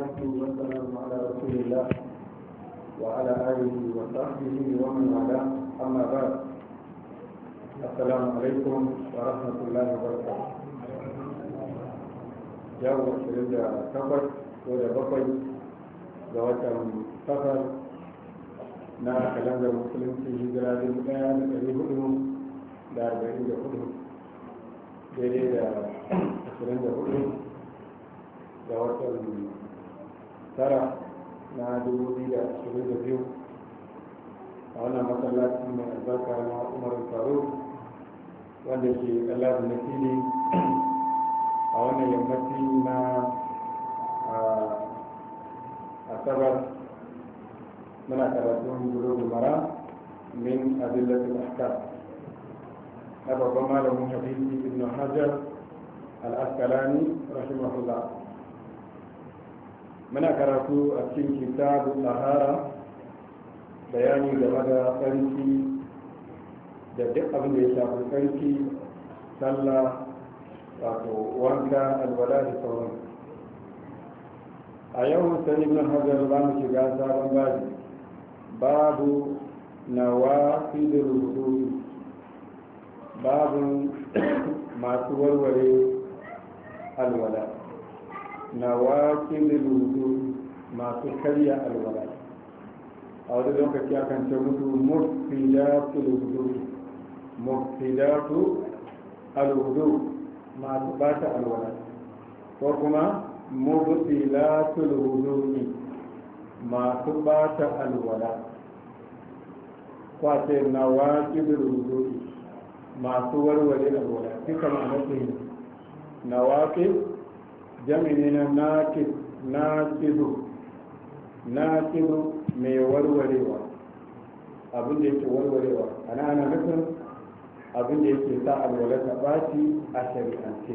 والصلاة والسلام على رسول الله وعلى آله وصحبه ومن والاه بعد السلام عليكم الله وبركاته yau da takwas ko da bakwai ga watan safar na kalandar musulunci hijira dubu daya da ɗari hudu da arba'in da hudu daidai da ashirin da hudu ga watan tara na dubu biyu da ashirin da biyu a wannan masallaci mai albarka na umar faruk wanda ke allah na fili a wannan yammaci na asabar muna karatun bulogul mara min adillatul ahkam أبو مالك حديث ابن حجر الأسقلاني رحمه الله muna karatu a cikin kitabu lahara bayani game da tsarki da duk abin da ya shafi tsarki sallah wato wanka albala da sauran a yau sani ibn hajar za mu shiga sabon babi babu na wafidin rubutu babu masu warware alwala na waƙilin wudu masu karya alwala a wani lokaci akan ce musu mufidatu wudu mufidatu alwudu masu bata alwala ko kuma rudu ne masu bata alwala kwace na waƙilin wudu masu warware alwala duka ma'anar na waƙilin jami'i na nakidu nakidu mai warwarewa abin da yake warwarewa ana ana nufin abin da yake sa alwala ta ɓaci a shari'ance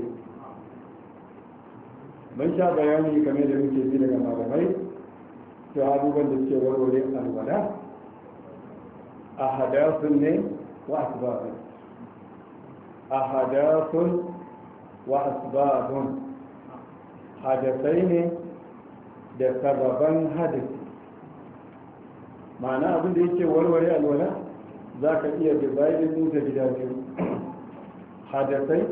mun sha bayani game da muke ji daga malamai to abubuwan da suke warware alwala a hadasun ne wa asibabun a hadasun wa asibabun hadasai ne da sababan hadisi ma'ana abin da yake warware alwala za ka iya dividing din ta gida biyu hadasai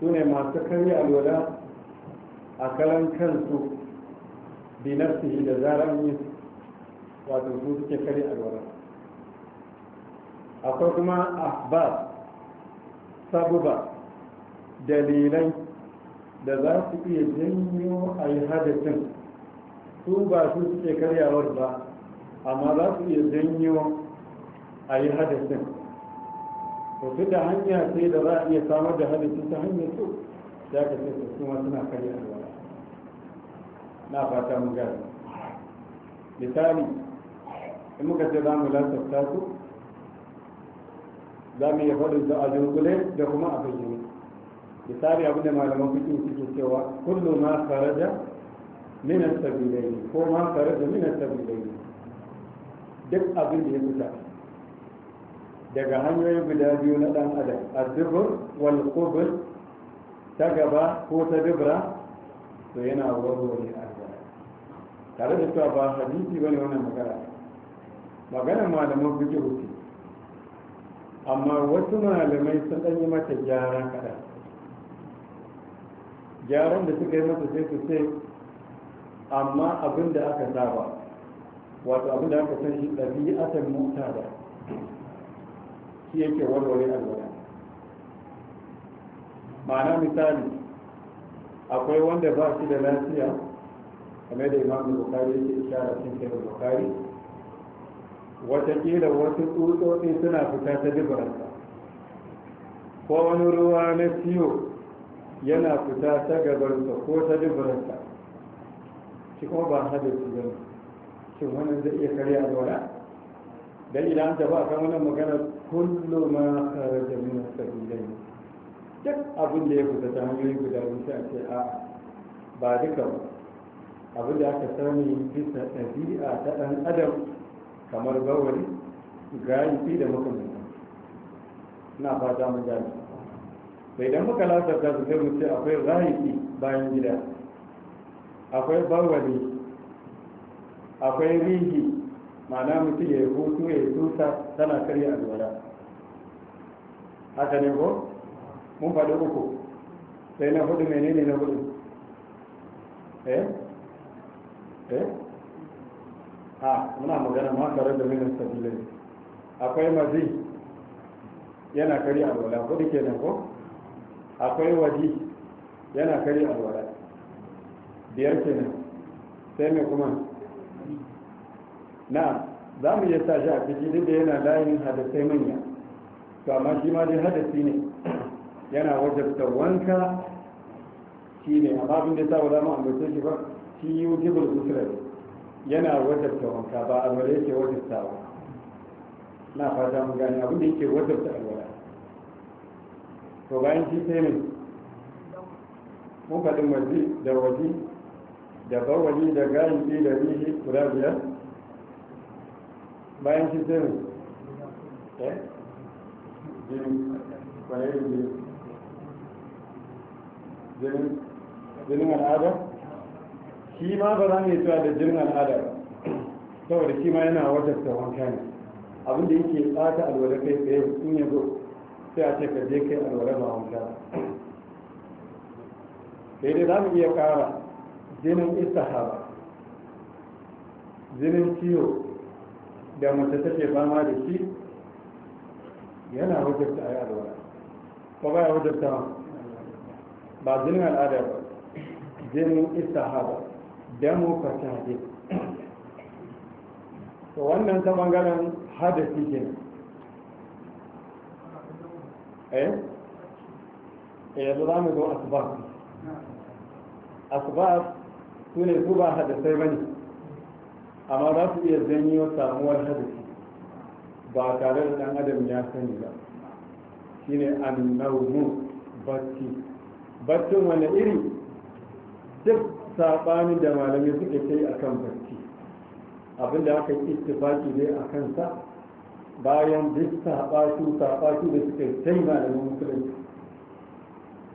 su ne masu karya alwala a karan kansu binafsihi da zarar yi wato su suke karya alwala akwai kuma ahbab sabuba dalilai da za su iya janyo a yi hadafin su ba su suke karyawar ba amma za su iya janyo a yi hadafin to duk da hanya sai da za a iya samar da hadafin ta hanyar su ya ka ce su kuma suna karyawar na fata mun gani misali in muka ce za mu lantarta su za mu iya faɗin da a dunkule da kuma a bayyane misali abinda malaman fiƙi suke cewa kullu ma kharaja min as-sabilayn ko ma kharaja min as-sabilayn duk abin da ya fita daga hanyoyin guda biyu na dan adam az wal qubul ta gaba ko ta dubra to yana warware alwala tare da cewa ba hadisi bane wannan magana maganar malaman fiƙi amma wasu malamai sun ɗanyi mata gyara kaɗan gyaran da suka yi masa sai su ce amma abin da aka saba wato abin da aka san shi ɗabi'atan da shi yake warware alwala ma'ana misali akwai wanda ba shi da lafiya kamar da imamu bukari yake ishara cin kai bukari watakila wasu tsutsotsi suna fita ta dubaransa ko wani ruwa na ciwo yana fita ta gabarsa ko ta dubarsa shi kuma ba hadisi ba ne shi wani zai iya karya alwala dan idan ta ba kan wannan magana kullu ma kharaja da as-sabilain duk abin da ya fita ta hanyoyi guda biyu sai a ce a ba duka abin da aka sani bisa ɗabi'a ta ɗan adam kamar bawari galibi da makamantan na fata mu jami sai idan muka lasarta su sai mu ce akwai rahiki bayan gida akwai bawani akwai rihi ma'ana mutum ya hutu ya tusa tana karya alwala haka ne ko mun faɗi uku sai na hudu menene na hudu eh eh ha muna magana ma tare da minin sabilai akwai mazi yana karya alwala hudu kenan ko akwai waje yana kari alwala biyar kenan sai mai kuma na za mu iya sa a ciki duk da yana layin hadasai manya to amma shi ma dai hadasi ne yana wajabta wanka shi ne amma abin da sa wa zama ambace shi ba shi yi wujibul ne. yana wajabta wanka ba alwala yake ba, na fata mun gane abin da yake wajabta alwala to bayan shi sai ne mun waje da waje da bawali da gayi da rihi guda biyar bayan shi sai ne eh jinin al'ada shi ma ba za mu yi zuwa da jinin al'ada saboda shi ma yana wajen tsawon ne abinda yake tsata alwada kai tsaye in ya sai a ce ka je kai alwala ba wanka sai dai za mu iya kara jinin istihara jinin ciwo da mace take fama da shi yana hujjarta a yi alwara ba ba ya hujjarta ba jinin al'ada ba jinin istihara damu fatahiyya to wannan ta bangaren hadasi kenan Eh? eh yanzu za mu zo asbab asbab su ne su ba hadisai amma za su iya janyo samuwar hadisi ba tare da ɗan adam ya sani ba Shi ne annawmu bacci baccin wani iri duk saɓani da malami suke kai akan bacci abinda aka yi ittifaki ne a kansa bayan duk ta saɓatu da suka sai malamin musulunci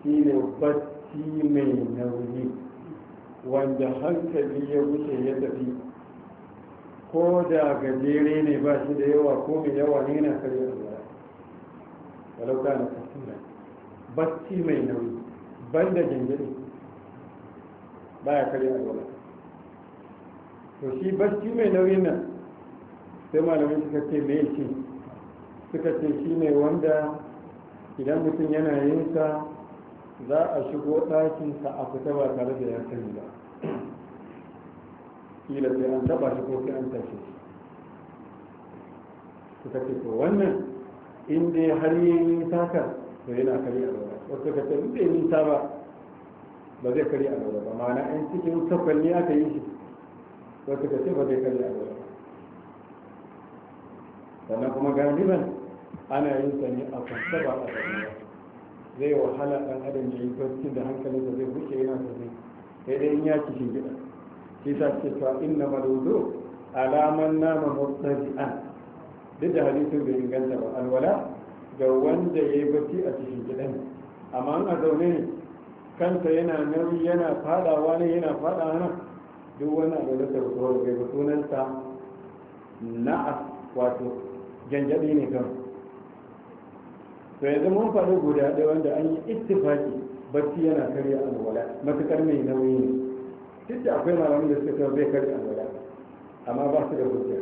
shi ne bacci mai nauyi wanda hankali ya wuce ya tafi ko da gajere ne ba shi da yawa ko mai yawa ne na karya da walau na kasuwa bacci mai nauyi ban da jingiri ba ya karya da to shi bacci mai nauyin nan sai malamai suka ce me ce suka ce shi ne wanda idan mutum yana yin sa za a shigo ɗakinsa a fita ba tare da ya sani ba kila sai an taba shi ko sai an tashe suka ce to wannan in dai har yi nisa kan to yana kari a gaba wasu suka ce in bai nisa ba ba zai kari a gaba ba ma'ana in cikin sakwanni aka yi shi wasu suka ce ba zai kari a gaba sannan kuma galiban ana yin sa ne a kwanta ba a ba zai wahala ɗan adam ya yi barci da da zai wuce yana sosai sai dai in ya kishin gida shi ta ce cewa inna maludu alaman nama an duk da hadisin bai inganta ba alwala ga wanda ya yi barci a cikin gidan amma an a zaune ne kanta yana nauyi yana fadawa ne yana fada nan duk wani abu da ta rukuwar bai sunanta na'a wato janjabi ne kan to yanzu mun faɗi guda ɗaya wanda an yi ittifaki bacci yana karya alwala matuƙar mai nauyi ne duk da akwai malamin da suka kawo zai karya alwala amma ba su da hujja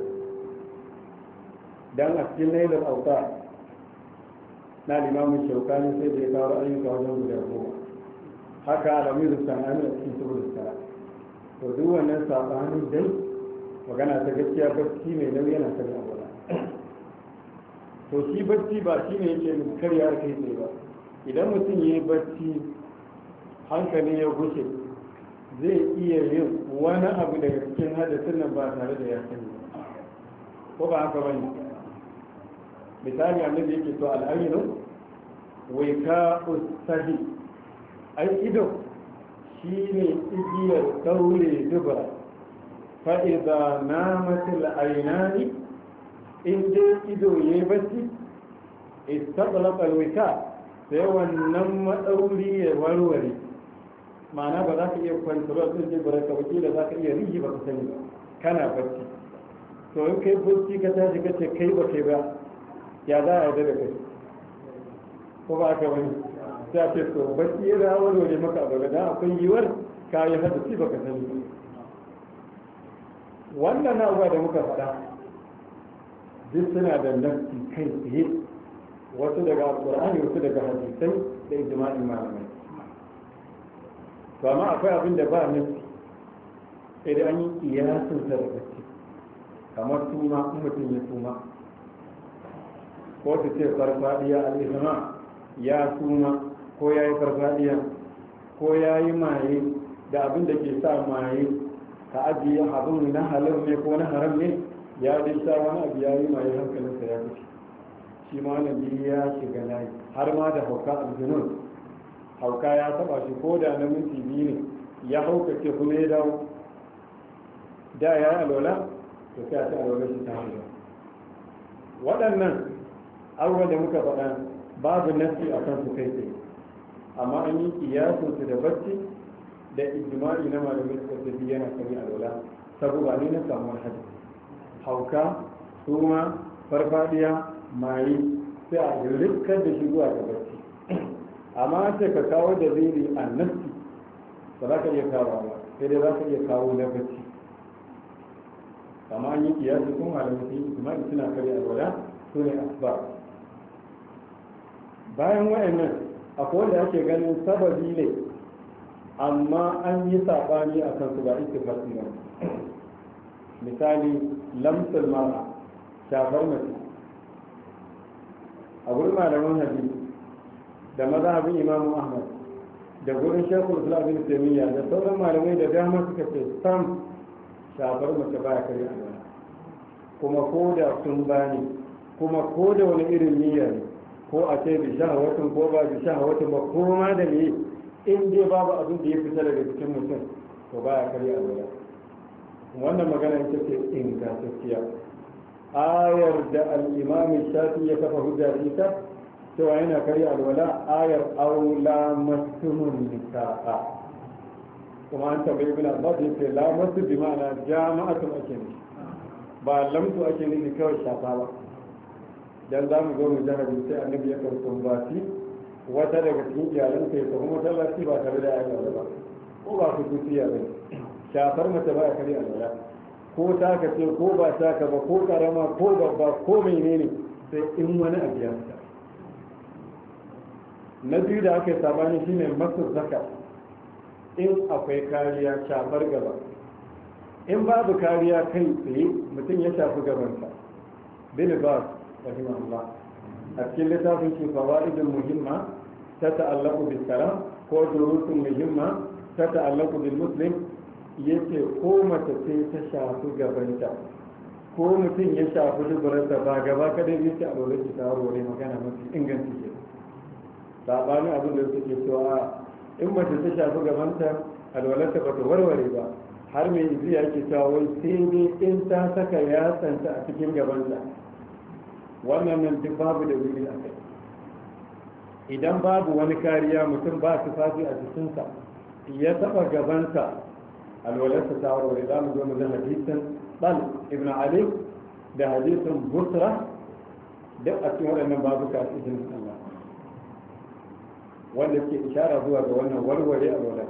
dan a cikin lailar auta na limamin shaukani sai da ya kawo ayyuka wajen guda goma haka alamiru sana'ani a cikin saboda sara to duk wannan saɓanin dai magana ta gaskiya bacci mai nauyi yana karya to shi bacci ba shi ne yake karya kai tsaye ba idan mutum ya yi bacci hankali ya gushe zai iya yin wani abu daga cikin hadisin nan ba tare da ya sani ko ba haka bane misali a annabi yake to al'ayinu wai ka ustahi ai ido shi ne igiyar daure zuba fa'iza na matil ainani in dai ido ya yi bacci istaɓa wika sai wannan matsauri ya warware ma'ana ba za ka iya kwantarwa sun jin ba ka wuce da za ka iya rigi ba ka sani kana bacci to in kai bacci ka tashi ka ce kai ba kai ba ya za a yarda da kai ko ba ka wani ta ce to bacci ya za a warware maka abu da akwai yiwuwar ka yi hadasi ba ka sani wannan na da muka faɗa duk suna da nafi kai tsaye wasu daga alƙur'ani wasu daga hadisai da ijma'in malamai ba ma akwai abin da ba nufi sai da an yi kiyasin sarrafi da kamar tuma in mutum ya tuma ko su ce farfadiya al zama ya tuma ko ya yi farfadiya ko ya yi maye da abin da ke sa maye ka ajiye abin na halal ne ko na haram ne ya dai sa wani abu ya yi mai hankalinsa ya fi shi ma malami ya shiga layi har ma da hauka aljinun hauka ya taba shi ko da na minti biyu ne ya ce kuma ya dawo da ya yi alola to sai a ci alola shi ta hannu waɗannan abubuwa da muka faɗa babu nasi a kan su kai tsaye amma an yi kiyasun su da bacci da ijma'i na malamai da tafi yana yi alola saboda ne na samuwar hadisi hauka suma farfadiya mayi sai a rikar da shi zuwa ga barci amma ce ka kawo da ziri a nafsi ba za ka iya kawo ba sai dai za ka iya kawo na barci amma an yi kiyasi kun halamci kuma suna kare gwada su ne asba bayan wa'annan akwai wanda ake ganin sababi ne amma an yi saɓani a kansu ba ita ba misali lamsul mara shafar mace a gurin malamin hadi da mazhabin imamu ahmad da gurin shekul islam bin da sauran malamai da dama suka ce sam shafar mace baya kare alwala kuma ko da sun bani kuma ko da wani irin niyya ne ko a ce bi shahawatin ko ba bi shahawatin ba ko ma da ne in dai babu abin da ya fita daga cikin mutum to baya kare alwala wannan magana ita ce ingantacciya ayar da al'imamin shafi ya kafa hujja ita cewa yana kari alwala ayar aula masumun nisa'a kuma an tambayi ibn abbas ce la masu bi ma'ana jama'atun ake ne ba lamtu ake ne kawai shafa ba dan za mu zo mu ji sai annabi ya kan sumbaci wata daga cikin iyalansa ya tafi masallaci ba tare da da ba ko ba su kuciya ba ne shafar mace ba ya a alwala ko ta ka ce ko ba ta ka ba ko karama ko babba ko menene sai in wani abu ya fita na biyu da aka yi sabani shine masu zaka in akwai kariya shafar gaba in babu kariya kai tsaye mutum ya shafi gabansa bin bas rahimahullah a cikin littafin shi fawaidin muhimma ta ta'allaku bil kalam ko durusun muhimma ta ta'allaku bil muslim yake ko mace ce ta shafi gabanta ko mutum ya shafi dubararsa ba gaba kadai yace a lura ki taro ne magana mafi inganci ke sabanin abin da suke cewa in mace ta shafi gabanta alwalarta ba ta warware ba har mai izi ya ke cewa wai sai dai in ta saka ya tsanta a cikin gabanta wannan nan duk babu da wuri a kai idan babu wani kariya mutum ba su fafi a jikinsa ya taba gabansa alwalarsa ta warware za mu zo mu ga hadisin ɗan ibn ali da hadisin busra duk a cikin waɗannan babuka su cikin Allah wanda ke ishara zuwa ga wannan warware alwala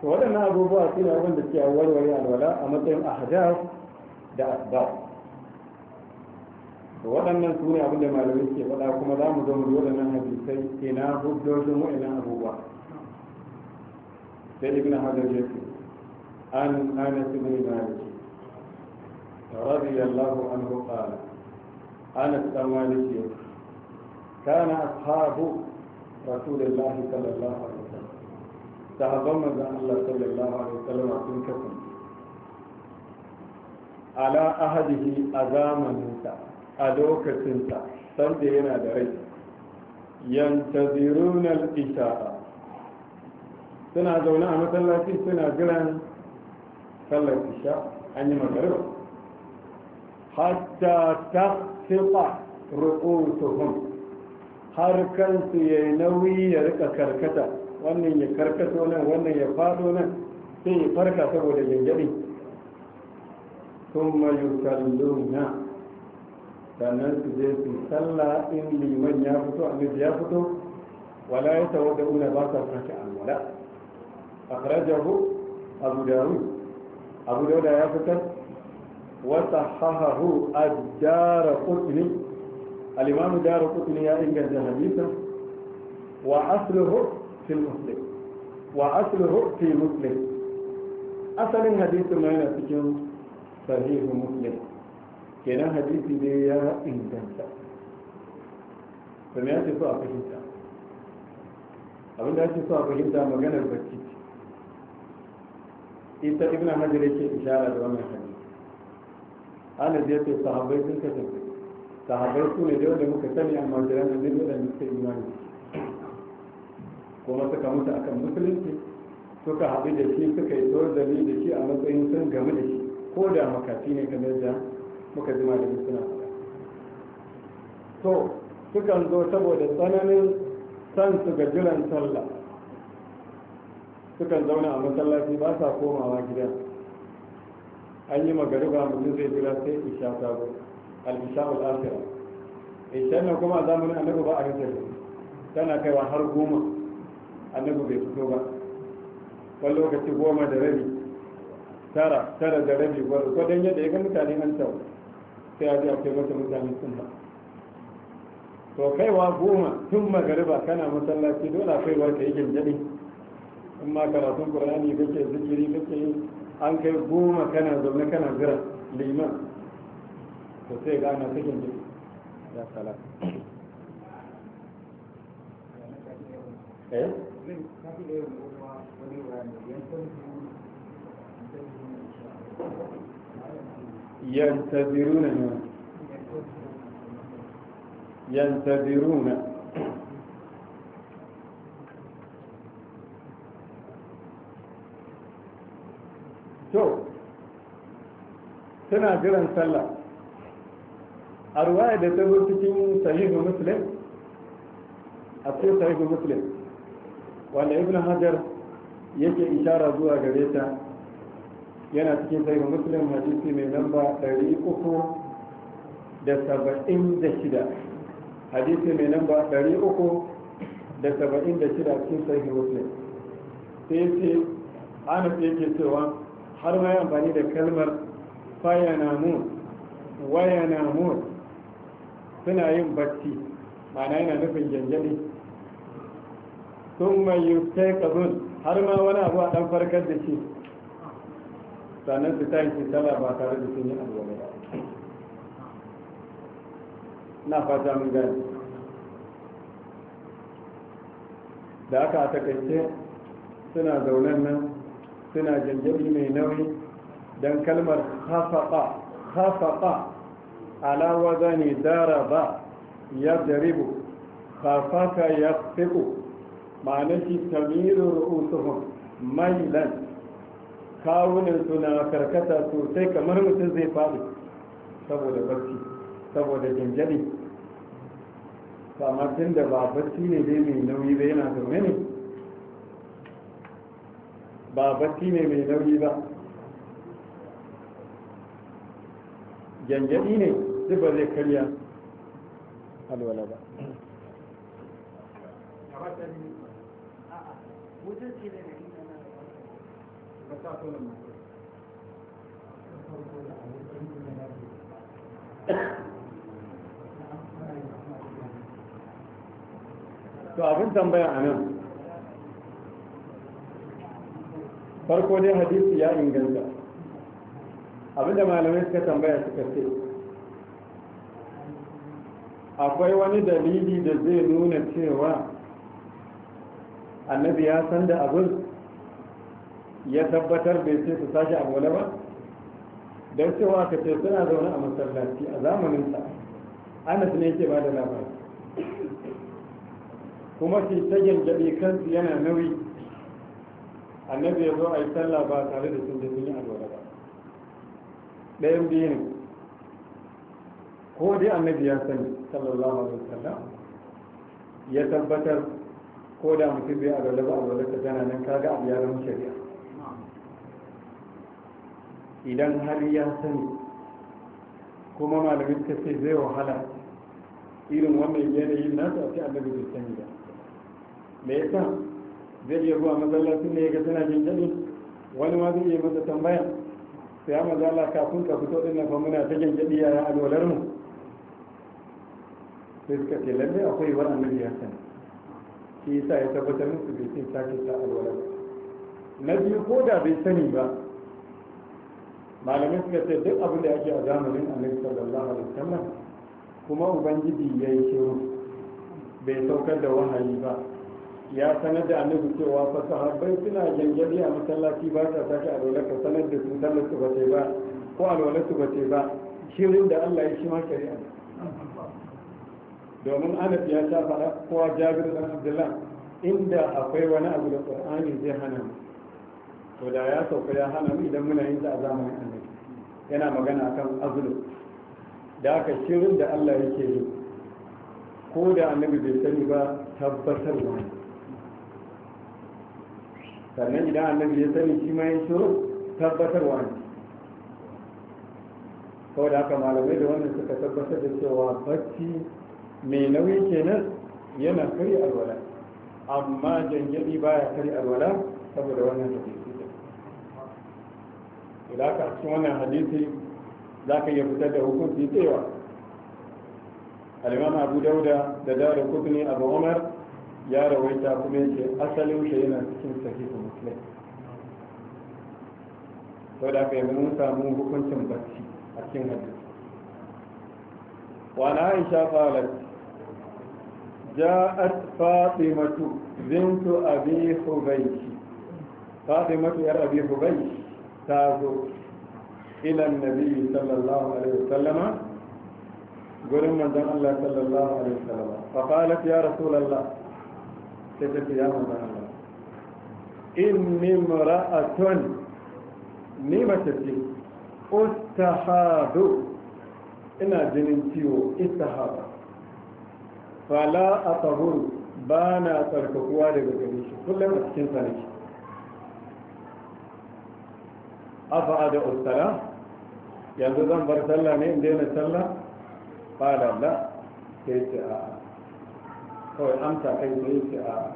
to waɗannan abubuwa su ne wanda ke warware alwala a matsayin ahadar da asbab to waɗannan su ne abinda malamai ke faɗa kuma za mu zo mu waɗannan hadisai na hujjojin waɗannan abubuwa sai ibn hajar ya ce عن انس بن مالك رضي الله عنه قال انس بن مالك كان اصحاب رسول الله صلى الله عليه وسلم صحابه من الله صلى الله عليه وسلم عن كفن على أهده النساء أدوك سنسا سندينا دري ينتظرون الإشاء suna zaune a masallaci suna jiran صلى العشاء أن يمغربوا حتى تخفط رؤوسهم حركنت ينوي يرك كركتا وأنه يكركتونا وأنه يفادونا في فركة سبول الجنجري ثم يسلونا فنلت جيس سلا إن من يافتو أن يزيافتو ولا يتوقعون باسا فرشا ولا أخرجه أبو داوود abu dauda ya fitar wata hahahu a dara kutini alimamu dara kutini ya inganta hadisa wa aslihu fil muslim wa aslihu fi muslim asalin hadisin mai na cikin sahihu muslim kenan hadisi ne ya inganta kuma ya ce so a fahimta abinda ya ce so a fahimta maganar bacci ita ibn hajar yake ishara da wannan hadisi ana zai ce sahabbai sun kasance sahabbai su ne da wanda muka sani amma da zai wadanda waɗanda suka imani kuma suka mutu kan musulunci suka haɗu da shi suka yi tsoro da da shi a matsayin sun gamu da shi ko da makafi ne kamar da muka jima da suna faɗa to sukan zo saboda tsananin san su ga jiran sallah sukan zauna a masallaci ba sa komawa gida an yi magariba mutum zai jira sai isha sabo al-isha al-akhira isha nan kuma a zamanin annabi ba a rasa tana kaiwa har goma annabi bai fito ba wani lokaci goma da rabi tara tara da rabi don yadda ya ga mutane an tau sai a ji akwai masa mutane sun ba to kaiwa goma tun magariba kana masallaci dole akwai warka yi gindini in ma karatun qur'ani kake zikiri kake an kai goma kana zaune kana liman to sai ga ana cikin jiki ya sala eh? suna jiran sallah a ruwaya da ta zo cikin sahihu muslim a cikin sahihu muslim wanda ibn hajar yake ishara zuwa gare ta yana cikin sahihu muslim hadisi mai namba 376 hadisi mai namba 376 cikin sahihu muslim sai ce ana yake cewa har ma yi amfani da kalmar fayanamun wayanamun suna yin bacci ma'ana yana nufin gyangyani sun mai yuskai kazun har ma wani abu a ɗan farkar da shi sannan su ta yi sallah ba tare da sun yi alwala na fata mun gani da aka a takaice suna zaunan nan suna gyangyani mai nauyi don kalmar hafaƙa hafaƙa alawa zane dara ba ya daribu hafaka ya fiƙo ma'ana shi tamirin ru'usuhun mailan kawunan suna karkata sosai kamar mutum zai faɗi saboda barci saboda jinjali amma tun da ba barci ne dai mai nauyi ba yana zaune ne ba barci ne mai nauyi ba janjani ne duk ba zai karya alwala ba to abin tambaya a nan farko dai hadisi ya inganta abinda malamai suka tambaya suka ce akwai wani dalili da zai nuna cewa annabi ya san da abin ya tabbatar bai ce su sashi abuwa ba don cewa ka ce suna zaune a masallaci a zamaninsa anas ne yake ba da labari kuma shi ta gyangyaɗe kansu yana nauyi annabi ya zo a yi sallah ba tare da sun ɗayan biyu ne ko dai annabi ya sani sallallahu alaihi wasallam ya tabbatar ko da mutum bai alwala ba alwala ta tana nan kaga abu ya zama shari'a idan har ya sani kuma malamin ta ce zai wahala irin wannan yanayin nasu a ce annabi bai sani ba me yasa zai iya zuwa masallacin ne ya ga tana jin wani ma zai iya masa tambaya sai ya maza Allah kafin ka fito din nan fa muna ta gangadi yaya alwalar mu sai suka ce lalle akwai wa ya san shi yasa ya tabbatar musu bai sai sake sa alwalar na biyu ko da bai sani ba malamai suka ce duk abin da ake a zamanin annabi sallallahu alaihi wasallam kuma ubangiji ya yi shiru bai saukar da wahayi ba ya sanar da annabi cewa fa sahabbai suna gangari a masallaci ba ta sake alwala ka sanar da su sallar su ba sai ba ko alwala su ba sai ba shirin da Allah ya shi ma shari'a domin Anas ya sha faɗa kowa Jabir dan Abdullah inda akwai wani abu da Qur'ani zai hana mu to da ya sauka ya hana mu idan muna yin sa a zamanin annabi yana magana akan azlu da aka shirin da Allah yake yi ko da annabi bai sani ba tabbatarwa wani sannan idan annabi ya sani shi ma ya shiru tabbatarwa ne kawai da haka malamai da wannan suka tabbatar da cewa bacci mai nauyi kenan yana kari alwala amma jangyaɗi baya kari alwala saboda wannan hadisi da haka cikin wannan hadisi za ka iya fitar da hukunci cewa al'imam abu dauda da dara kutni abu umar ya rawaita kuma yake asalin shi yana cikin sahihu muslim sau da aka yi mun samu hukuncin bacci a cikin hadisi wa na aisha qalat ja'at fatimatu bintu abi hubaysh fatimatu yar abi hubaysh ta zo ila annabi sallallahu alaihi wasallama gurin manzon Allah sallallahu alaihi wasallama fa qalat ya rasulullah sai ta ce ya manzan Allah inni mara'atun ni mace ce ustahadu ina jinin ciwo istihaba fala a tsahuru ba na tsarkakuwa daga gare shi kullum a cikin sa nake afa da ustala yanzu zan bar sallah ne in daina sallah ba da la sai ce a'a. kawai amsa kai zai ce a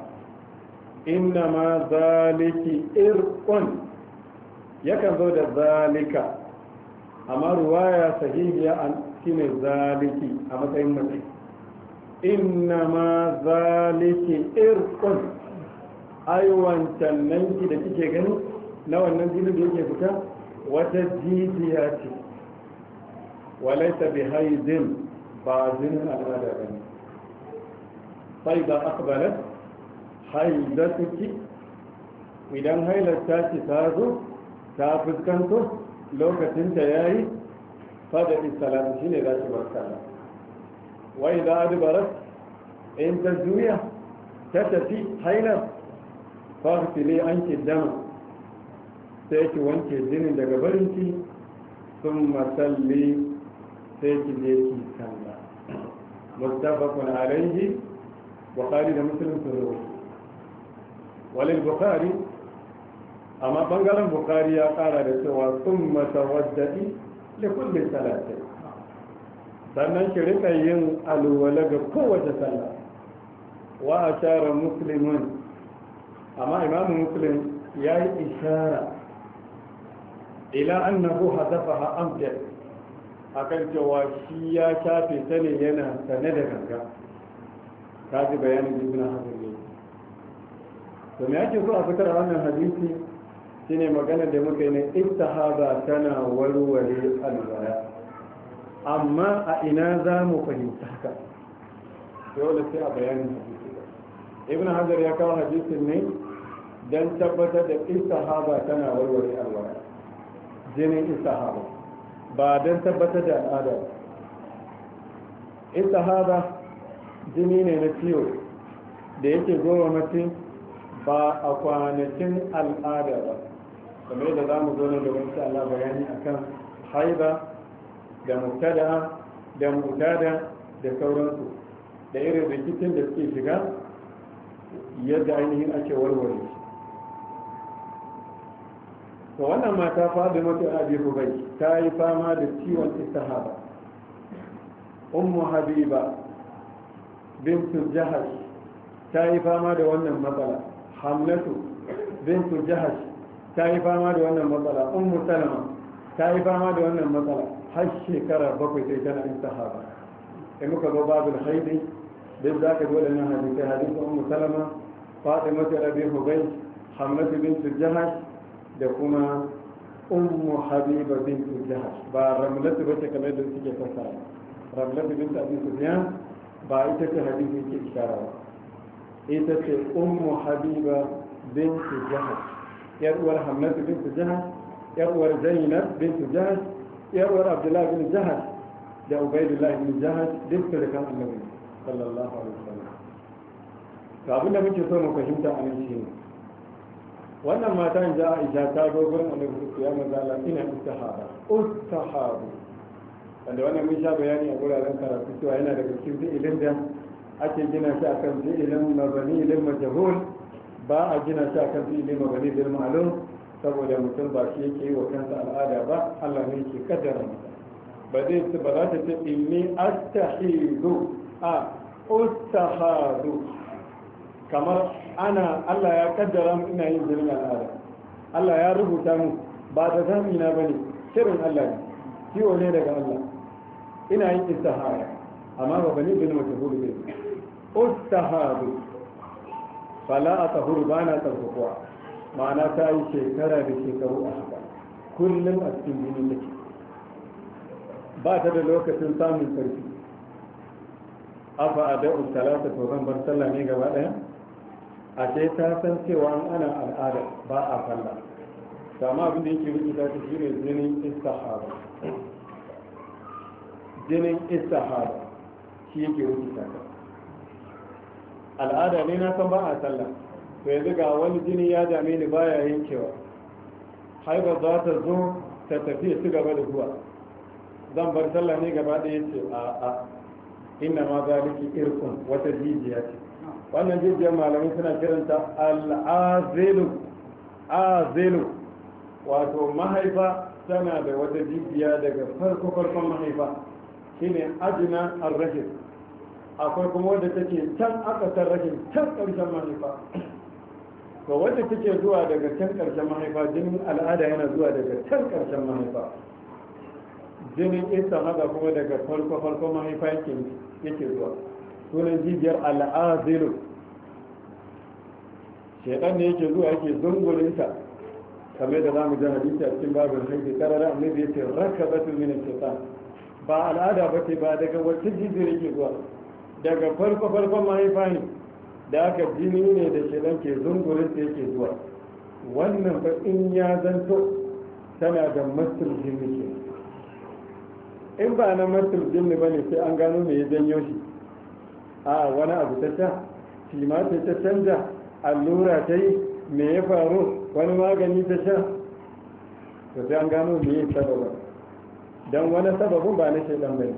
inna ma zaliki irqun yakan zo da zalika amma ruwaya sahihiya an shine zaliki a matsayin matsayi inna ma zaliki irqun ai wancan nan ki da kike gani na wannan jini da yake fita wata jijiya ce walaita bihaizin ba jinin al'ada bane فإذا أقبلت حيضتك idan hailarta ce ta zo ta fuskanto lokacinta ya yi fada isalatu shi ne za ki barkala wai za a dubarar in ta juya ta tafi hailar ne an ke dama sai ki wanke jinin daga barinki sun masalli sai ki je ki sallah kun alaihi bukhari da muslim sun rawaito walil bukhari amma bangaren bukhari ya kara da cewa sun matawaddadi da kulli salati sannan ki rika yin alwala ga kowace sallah wa a shara muslimun amma imam muslim ya yi ishara ila annahu hadafaha a akan cewa shi ya shafe ta ne yana sane da ganga ka ji bayanin ibn hajar ne to me ake so a fitar a wannan hadisi shine magana da muka yi ne ittihada tana warware alwala amma a ina za mu fahimta haka dole sai a bayanin hadisi ibn hajar ya kawo hadisin ne don tabbatar da istihaba tana warware alwala jinin istihaba ba don tabbatar da al'ada istihaba jimine no fiyo de yake goma matin ba a kwanakin al'ada ba kamar yadda za mu zone da wani Allah bayani a kan haiba da mutada da mutada da sauransu da irin rikicin da suke shiga yadda ainihin ake warware shi to wannan mata faɗi mata abi rubai ta yi fama da ciwon istihaba ummu habiba bintu jihar ta yi fama da wannan matsala hamlatu bintu jihar ta yi fama da wannan matsala ummu salama ta yi fama da wannan matsala har shekara bakwai sai tana yin sahaba sai muka ga babul haidi duk za ka dole nan hadisai hadisin ummu salama fatima ta rabi hubai hamlatu bintu jihar da kuma ummu habiba bintu jihar ba ramlatu ba ce kamar da suke fassara ramlatu bintu abin sufiyan ba ita ce hadisi ke ishara ba ita ce ummu habiba bint jahaz yar uwar hamad bint jahaz yar uwar zainab bint jahaz yar uwar abdullah bin jahaz da ubaidullah bin jahaz duk da kan annabi sallallahu alaihi wasallam to da muke so mu fahimta a nan shine wannan mata in za a isa ta zo gurin annabi ya manzo Allah ina istihara ustahabu wanda wannan mun sha bayani a wuraren karatu cewa yana daga cikin fi'ilin da ake gina shi a kan fi'ilin mabani ilin majahul ba a gina shi a kan fi'ilin mabani bil ma'lum saboda mutum ba shi yake yi wa kansa al'ada ba Allah ne yake kaddara masa ba zai ba za ta ce inni astahidu a ustahadu kamar ana Allah ya kaddara mu ina yin jinin al'ada Allah ya rubuta mu ba da zamina bane shirin Allah ne ciwo ne daga Allah ina yin istihara amma ba bani bin majhul ne ustahadu fala atahuru bana tarkuwa ma'ana ta yi shekara da shekaru a haka kullum a cikin jini nake ba ta da lokacin samun sarki afa a da'u talata to zan bar sallah ne gaba daya a ce ta san cewa ana al'ada ba a sallah amma abin da yake wuce ta ne jinin istihara jinin istihara shi yake wuce ta al'ada ne na san ba a sallah to yanzu ga wani jini ya dame ni baya yankewa haibar za ta zo ta tafi su gaba da zuwa zan bar sallah ne gaba ɗaya ce a a inna ma zaliki irkun wata jijiya ce wannan jijiyar malamai suna kiranta al'azelu azelu wato mahaifa tana da wata jijiya daga farko farkon mahaifa shine adina ar-rahim akwai kuma wadda take can akasar rahim can ƙarshen mahaifa to wadda take zuwa daga can ƙarshen mahaifa jinin al'ada yana zuwa daga can ƙarshen mahaifa jinin isa haza kuma daga farko farko mahaifa yake yake zuwa sunan jijiyar al'azilu shaidan ne yake zuwa yake zungulinta kamar da za mu ji hadisi a cikin babin hanki karara annabi yace rakabatul min shaitan ba al'ada ba ce ba daga wata jijiyar ke zuwa daga farko farkon mahaifa ne da aka jini ne da shelan ke zungurin da yake zuwa wannan ba in ya zanto tana da masar jini ke in ba na masar jini ba ne sai an gano mai ya janyo shi a wani abu ta sha fima ta canza allura ta yi mai ya faru wani magani ta sha ta sai an gano mai ya sababa don wani sababin ba na shaidan bai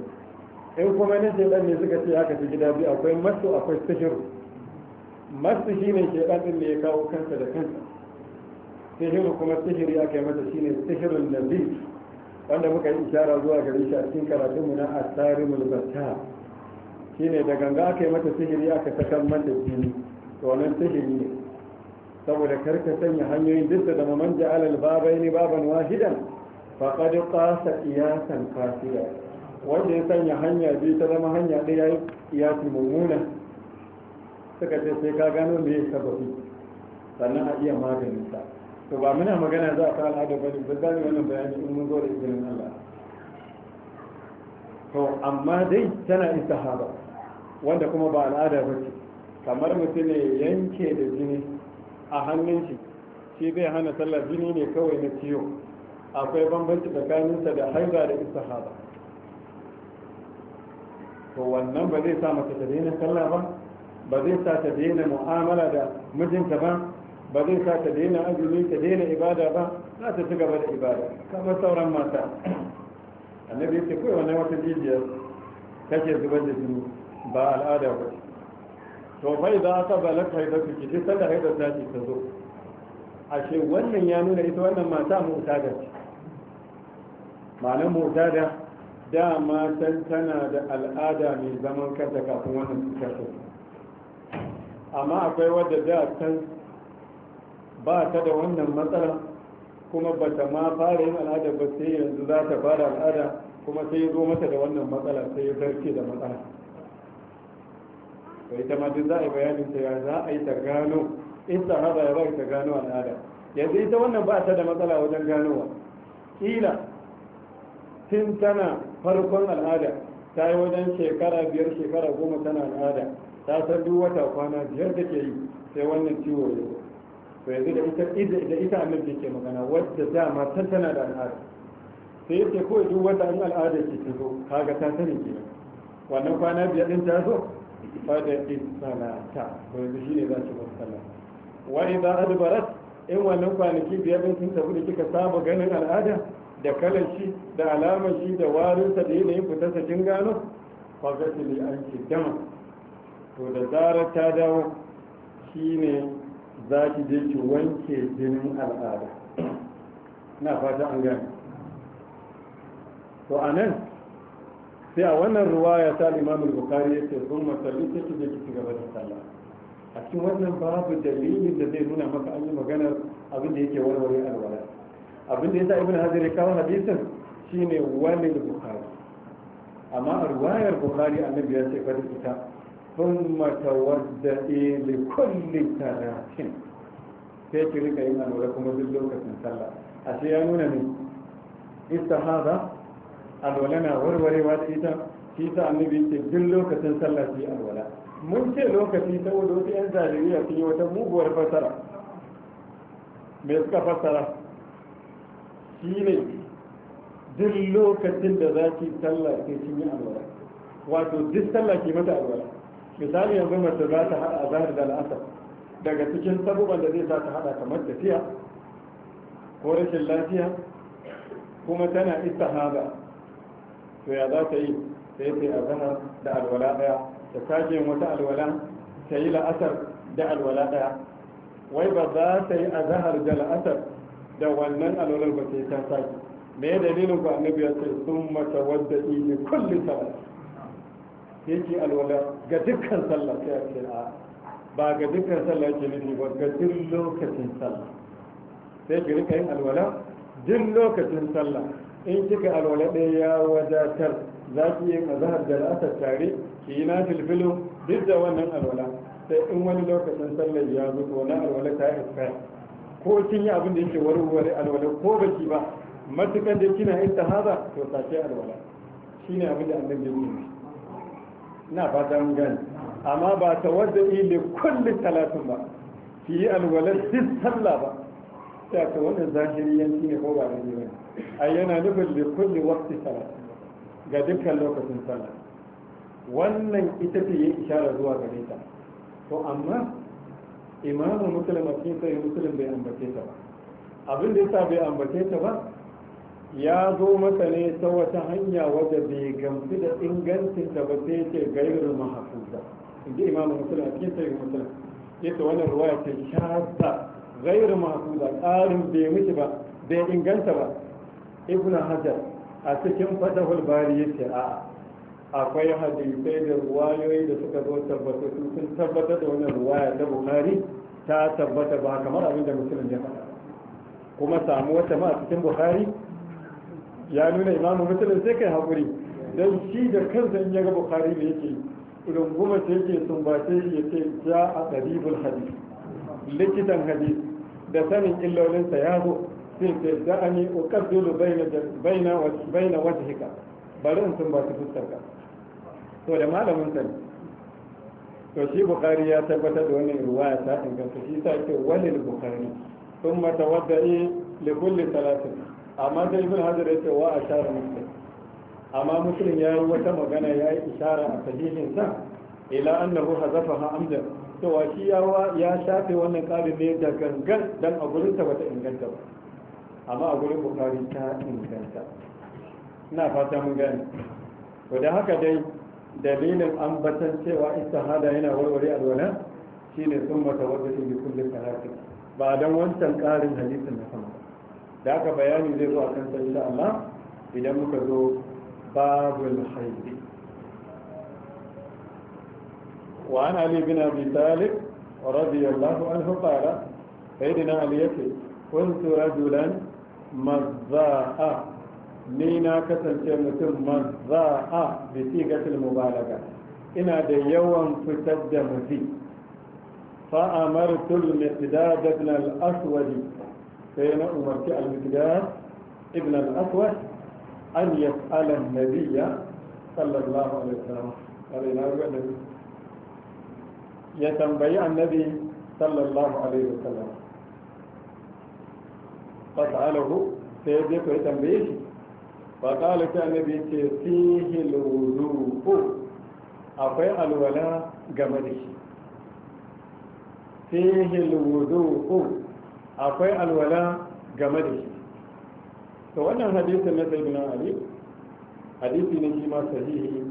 in kuma na shaidan ne suka ce aka ci gida biyu akwai masu akwai sihiru masu shi ne shaidan din ne ya kawo kansa da kansa sihiru kuma sihiri aka yi masa shi ne sihirun da wanda muka yi ishara zuwa gari shi a cikin karatunmu na asari mulbata shi ne da ganga aka yi mata sihiri aka sakan mata jini to wannan sihiri ne saboda karka sanya hanyoyin duk da mamanja alal babai ne baban wahidan faƙaɗi ƙasa iyasan kafiya wanda ya sanya hanya biyu ta zama hanya ɗaya ya iyasi mummuna suka ce sai ka gano me ya sababi sannan a iya sa. to ba muna magana za a ta al'ada ba ne ba za wannan bayani in mun zo da izinin Allah to amma dai tana sahaba, wanda kuma ba al'ada ba ce kamar mutum ne yanke da jini a hannun shi shi bai hana sallah jini ne kawai na ciwo akwai bambanci tsakaninsa da haiza da istihaba to wannan ba zai sa mace ta daina sallah ba ba zai sa ta daina mu'amala da mijinta ba ba zai sa ta daina azumi ta daina ibada ba za ta ci gaba da ibada kamar sauran mata annabi ce kawai wannan wata jijiyar kake zubar da jini ba al'ada ba to fa idan aka balaka haidatu ki duk sallah haidatu ta ce ta zo a ashe wannan ya nuna ita wannan mata mu ta gaci malam murtada dama san tana da al'ada mai zaman kanta kafin wannan cutar amma akwai wadda da san ba ta da wannan matsala kuma ba ta ma fara yin al'ada ba sai yanzu za ta fara al'ada kuma sai ya zo mata da wannan matsala sai ya zarce da matsala to ita ma duk za a yi bayanin ta ya za a yi ta gano in ta haɗa ya ba ta gano al'ada yanzu ita wannan ba ta da matsala wajen ganowa kila tun tana farkon al'ada ta yi wajen shekara biyar shekara goma tana al'ada ta san duk wata kwana biyar da ke yi sai wannan ciwo ya to yanzu da ita da ita annabi ke magana wadda ma san tana da al'ada sai yace ko duk wata an al'ada ke ta zo kaga ta sani ke wannan kwana biyar din ta zo fa da isalata to yanzu shine za ki bar sallah wa idza adbarat in wannan kwanaki biyar din sun tafi da kika saba ganin al'ada da kalar shi da alamar shi da warinsa da yanayin sa kin gano ne an ce dama to da zarar ta dawo shine za ki je ki wanke jinin al'ada na fata an gane to a nan sai a wannan ruwaya ta Limamin bukari ya ce sun masalli ta ki je ki gaba da sallah a cikin wannan babu dalilin da zai nuna maka an yi maganar abin da yake warware alwala abin da sa ibn hajar ya kawo hadisin shine walil bukhari amma a ruwayar bukhari annabi ya ce fa ita thumma tawadda'i li kulli salatin sai ki rika yin alwara kuma duk lokacin sallah A shi ya nuna ne haza, alwala na warwarewa da ita shi ta annabi ce duk lokacin sallah shi alwala mun ce lokaci saboda wasu yan zaliriya sun yi wata muguwar fasara me suka fasara shi ne duk lokacin da za ki sallah sai kin yi alwala wato duk sallah ki mata alwala misali yanzu mace za ta hada azhar da al'asar daga cikin sabuban da zai za ta hada kamar tafiya ko rashin lafiya kuma tana isa istihaba to ya za ta yi sai ta yi azhar da alwala daya ta sake wata alwala ta yi la'asar da alwala daya wai ba za ta yi azahar da la'asar da wannan al'urar ba sai ta sake me ya dalilin ku annabi ya ce sun mata wadda ili kulli sai yake alwala ga dukkan sallah sai a ce a ba ga dukkan sallah ke nufi ba ga duk lokacin sallah sai ki rika yin alwala duk lokacin sallah in kika alwala ɗaya ya wadatar za ki yi mazhar da la'asar tare ki yi na filfilo duk da wannan alwala sai in wani lokacin sallar ya zo ko na alwala ta yi ko kin yi abin da yake warware alwala ko baki ba matukan da kina haza, to sace alwala shine abin da annabi ya nuna ina ba dan gane amma ba wadda ile kulli talatin ba fi yi alwala duk sallah ba sai ka wannan zahiri yanki ne ko ba ne ba ai yana nufin da kulli waqti salat ga dukkan lokacin sallah wannan ita ce yin isharar zuwa gare ta to amma imanin musulun a cikin sai musulun bai ambace ta ba abin da yasa bai ambace ta ba ya zo masa ne ta wata hanya wadda bai gamsu da ingancin da ba sai ce gairu mahafuza inji imamu musulun a cikin sai musulun yace wannan ya ce shahada gairu mahafuza ƙarin bai miki ba bai inganta ba ibnu hajar a cikin fadahul bari yace a'a akwai hadisai da ruwayoyi da suka zo tabbata sun tabbata da wannan ruwaya ta bukhari ta tabbata ba kamar abin da musulun ya faɗa kuma samu wata ma a cikin buhari ya nuna imamu musulun sai kai haƙuri don shi da kansa in ya ga bukari da yake goma sai yake sumbace ya ce ja a ɗaribul hadis likitan hadis da sanin illolinsa ya zo sai ce da ani uqaddilu baina baina wajhika bari in sumbace fuskarka to da malamin sa to shi bukhari ya tabbatar da wannan ruwaya ta inganta shi ta ce walil bukhari thumma yi da kulli talatin amma da ibn hajar ya ce wa ashara muslim amma muslim ya yi wata magana ya yi ishara a sahihin sa ila annahu hazafaha amda wa shi yawa ya shafe wannan ƙarin ne da gangan dan a gurin ta bata inganta ba amma a gurin bukari ta inganta ina fata mun gane to da haka dai dalilin ambatan cewa ita hada yana warware alwala shine sun mata wadda ta bi kullum ba don wancan karin hadisin na sama da aka bayani zai zo a kan sa insha idan muka zo babul haidi wa an ali bin abi talib radiyallahu anhu qala sayyidina ali yake kuntu rajulan mazza'a ni na kasance mutum man za a bisi gatil mubalaga ina da yawan fitar da mafi fa'amartul mitidad ibn al Aswadi, sai na umarci al-mitidad ibn al-aswad an yas'ala an-nabiyya sallallahu alaihi wasallam alai na ga nabi ya tambayi annabi sallallahu alaihi wasallam fasalahu sai ya je ko ya tambaye shi ba ƙala ta annabi ce fihil wudu akwai alwala game da shi fihil wudu akwai alwala game da shi to wannan na sayyidina ali hadisi ne shi ma sahihi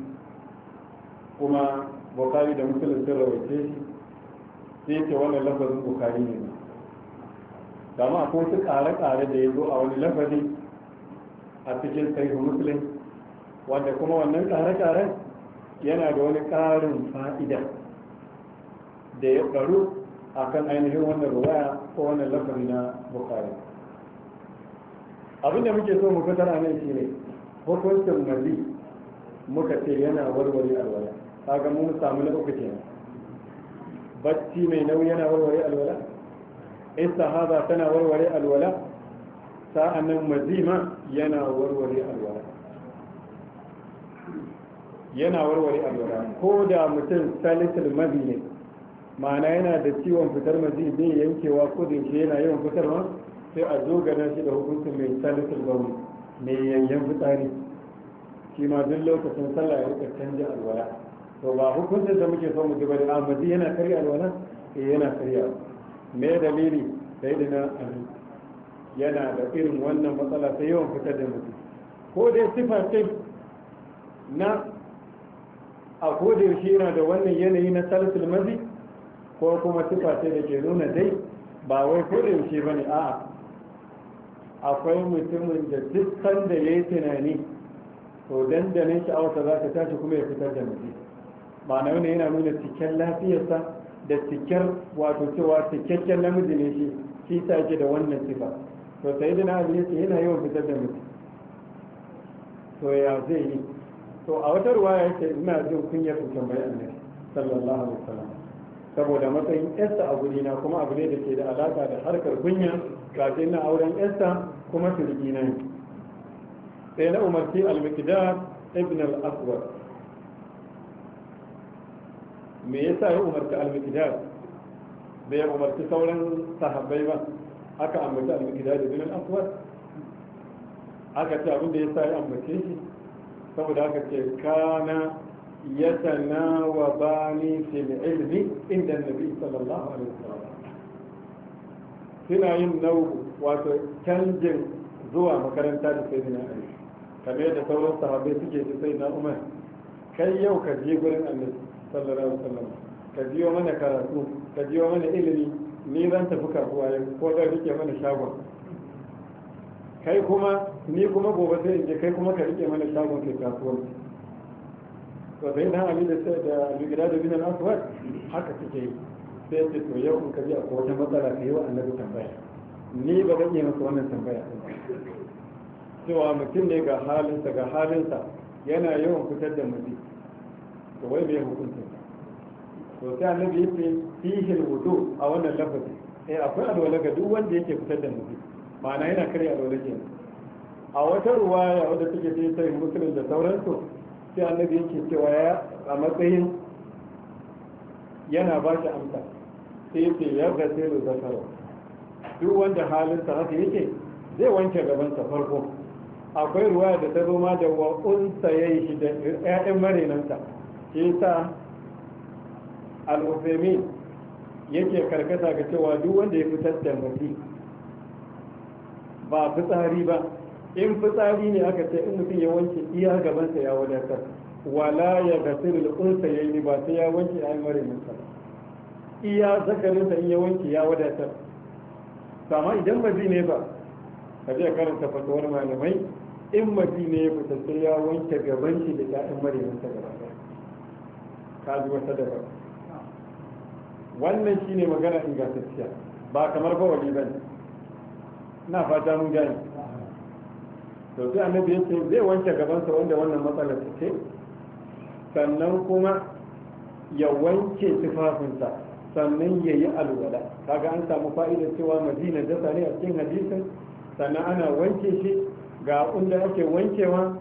kuma bukari da musulun sun rawaice shi sai ce wannan lafazin bukari ne dama akwai su ƙare-ƙare da ya zo a wani lafazi a cikin sahihu muslim wanda kuma wannan ƙare-ƙaren yana da wani ƙarin fa'ida da ya ɗaru a kan ainihin wannan ruwaya ko wannan lafari na bukari abinda muke so mu fitar a nan shine hukuncin mazi muka ce yana warware alwala kaga mun samu na uku kenan bacci mai nauyi yana warware alwala sahaba tana warware alwala sa'annan mazima yana warware alwala yana warware alwala ko da mutum salisul mazi ne ma'ana yana da ciwon fitar mazi bai yankewa ko da shi yana yawan fitar ma. sai a zo gana shi da hukuncin mai salisul bauni mai yanyan fitsari shi ma duk lokacin sallah ya rika canja alwala to ba hukuncin da muke so mu ji bari ah, amma yana karya alwala eh yana karya me dalili sai da na yana da irin wannan matsala sai yawan fitar da mutum ko dai sifar na a koda yaushe yana da wannan yanayi na salatul mazi ko kuma sifa ce da ke nuna dai ba wai koda yaushe ba ne a'a akwai mutumin da dukkan da ya yi tunani to dandanin awata za ta tashi kuma ya fitar da mutum ba na wani yana nuna cikin lafiyarsa da cikin wato cewa cikakken namiji ne shi shi ta da wannan sifa to sai da na ya ce yana yawan fitar da mutum to ya zai yi to a wata ruwaya ya ce ina jin kunyar mutum bai annabi sallallahu alaihi wasallam saboda matsayin esta a guri na kuma abu ne da ke da alaka da harkar kunya kafin na auren esta kuma turki na sai na umarci al-miqdad ibn al-aswad me yasa ya umarci al-miqdad bai umarci sauran sahabbai ba aka ambaci al da ibn al-aswad aka ce abin da ya sa ya ambace shi saboda aka ce kana bani fil ilmi inda annabi sallallahu alaihi wasallam suna yin nau wato canjin zuwa makaranta da sai na ali kamar yadda sauran sahabbai suke da sai na umar kai yau ka je gurin annabi sallallahu alaihi wasallam ka biyo mana karatu ka biyo mana ilimi ni zan tafi kasuwa yau ko zan rike mana shagon kai kuma ni kuma gobe sai in je kai kuma ka rike mana shagon ke kasuwar to sai na ali da sai da lugida da binan aswad haka take yi sai ce to yau in ka ji akwai wata matsala ka yi wa annabi tambaya ni ba zan iya masa wannan tambaya cewa mutum ne ga halinsa ga halinsa yana yawan fitar da mutum to wai me hukunta to sai annabi ya ce fihil wudu a wannan lafazi eh akwai alwala ga duk wanda yake fitar da mutum ma'ana yana kare alwala ne a wata ruwaya wadda take sai sai musulun da sauransu sai annabi yake cewa ya a matsayin yana ba shi amsa sai yake ya ga sai da zakaro duk wanda halinsa haka yake zai wanke gabansa farko akwai ruwaya da ta zo ma da wa unsa ya yi shi da 'ya'yan marinansa shi sa al-Uthaymeen yake karkata ga cewa duk wanda ya fitar da mazi ba fitsari ba in fitsari ne aka ce in mutum ya wanke iya gabansa ya wadatar wala ya gasir al-unsa yayi ba sai ya wanke almarin sa iya zakarinsa in ya wanke ya wadatar amma idan mazi ne ba ka je karanta fasuwar malamai in mafi ne ya fita ya wanke gaban shi da ƴaƴan maryansa gaba ɗaya ka ji wata dabara wannan shi ne magana ingantacciya ba kamar bawali ba ne na fata mun gani to sai annabi ya ce zai wanke gabansa wanda wannan matsalar ta ce sannan kuma ya wanke tufafinsa sannan ya yi alwala kaga an samu fa'idar cewa madina jasa ne a cikin hadisin sannan ana wanke shi ga inda ake wankewa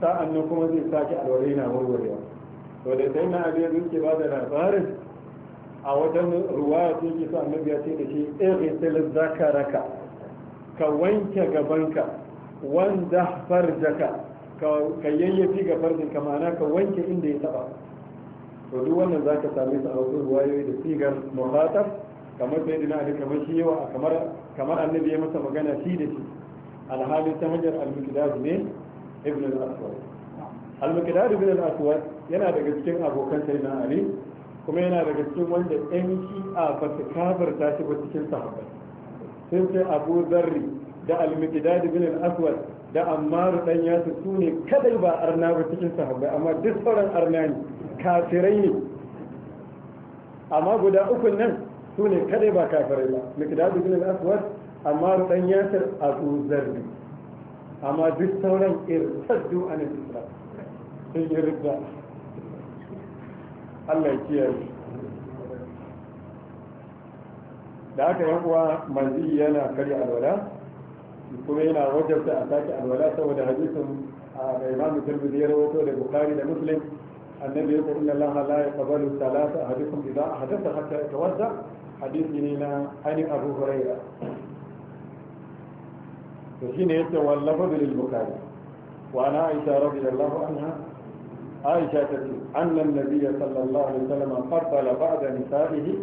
sa'an nan kuma zai sake alwala yana warwarewa to da sai na abin da yake ba da labarin a wajen ruwaya ya yake ke annabi ya ce da shi ighsil zakaraka ka wanke gabanka wanda farjaka ka yayyafi ga farjin ka ma'ana ka wanke inda ya taba to duk wannan zaka same su a wasu ruwayoyi da sigar muhatab kamar sai dina da kamar shi yawa kamar kamar annabi ya masa magana shi da shi alhamis ta hanyar al ne ibn al-aswad al-miqdad ibn al-aswad yana daga cikin abokan sayyidina ali kuma yana daga cikin wanda yanki a fasa su ta shi ba cikin sahabbai sun sai abu zarri da almikidadi bin al-aswad da ammaru dan yasu su ne kadai ba arna ba cikin sahabbai amma duk sauran arna ne kafirai ne amma guda uku nan su ne kadai ba kafirai ba almikidadi bin al-aswad ammaru dan yasu abu zarri amma duk sauran irtaddu an islam sun yi ridda Allah ya kiyaye da aka yi uwa manzi yana karya alwala kuma yana wajabta a sake alwala saboda hadisin da imamu turmizi ya rawato da bukari da muslim annabi ya inna allaha la yaqbalu salata ahadukum idza ahdatha hatta yatawadda hadisi ne na ani abu huraira to shine yace wallafa bil bukari wa ana aisha radiyallahu anha aisha ta ce annan nabiya sallallahu alaihi wasallam qabbala ba'da nisa'ihi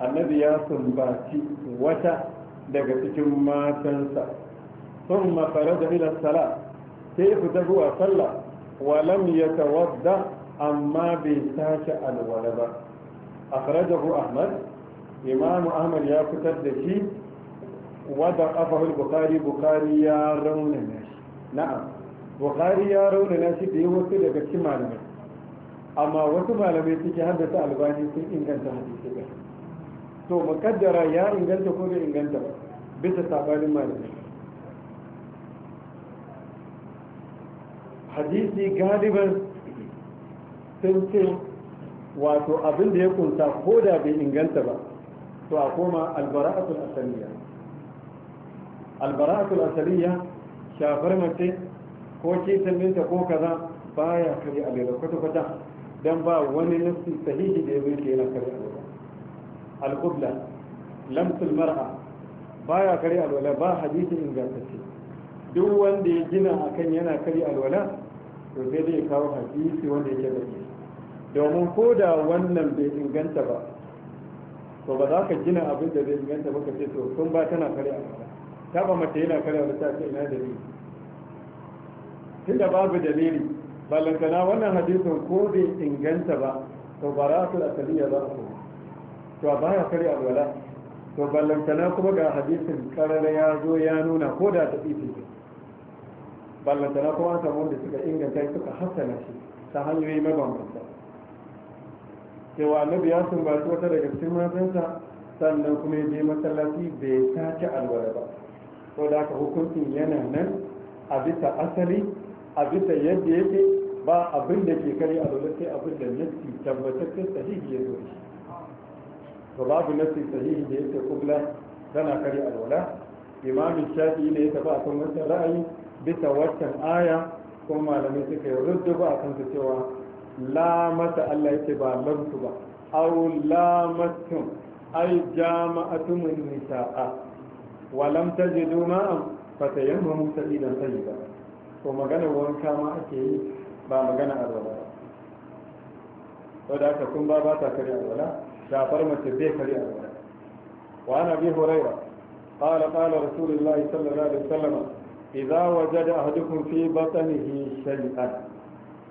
annabi ya sumbaci wata daga cikin matansa thumma kharaja ila salat sai fita zuwa sallah walam ya tawadda amma bai tashi alwala ba akhrajahu ahmad imam ahmad ya fitar da shi wada qafahu bukari bukari ya raunana shi na'am bukhari ya raunana shi da ya wasu daga cikin malamai amma wasu malamai suke haddasa albani sun inganta hadisi ba to mukaddara ya inganta ko bai inganta ba bisa sabanin malamai hadisi galiban sun ce wato abin da ya kunta ko da bai inganta ba to a koma albara'atul asaliya albara'atul asaliya shafar mace ko kisan ko kaza baya kare daga kwata kwata dan ba wani nafsi sahihi da ya zo yana kare daga al-qubla lamsul mar'a baya kare alwala ba hadisi ingantacce duk wanda ya gina akan yana kare alwala to sai dai kawo hadisi wanda yake da shi domin ko da wannan bai inganta ba to ba za ka gina abin da bai inganta ba ka ce to kun ba tana kare alwala ta ba mace yana kare alwala ta ce ina da ni tunda babu dalili ballantana wannan hadisin ko bai inganta ba to asali ya za a kuma to a baya kare alwala to ballantana kuma ga hadisin karara ya zo ya nuna ko da ta tsifi ballantana kuma an samu wanda suka inganta suka hassana shi ta hanyoyi mabambanta cewa annabi ya sumbaci wata daga cikin mazanta sannan kuma ya je masallaci bai sace alwala ba ko da haka hukuncin yana nan a bisa asali a bisa yadda yake ba abin da ke kare a dole sai abin da nassi tabbataccen sahihi ya zo shi to babu nassi sahihi da yake kubla tana kare alwala imamin shafi'i ne ya tafi a kan wancan ra'ayi bisa waccan aya kuma malamai suka yi ruddu ba a kan kansu cewa la mata Allah ce ba lamsu ba aw la matum ay jama'atum nisa'a wa lam tajidu ma'an fatayammamu sabilan tayyiba Ko maganar wanka ma ake yi ba magana alwala wadda aka kun ba ba ta kari alwala shafar mace bai kari alwala wa ana bi horaiwa ƙala ƙala رسول الله صلى الله عليه وسلم إذا وجد أحدكم في بطنه شيئا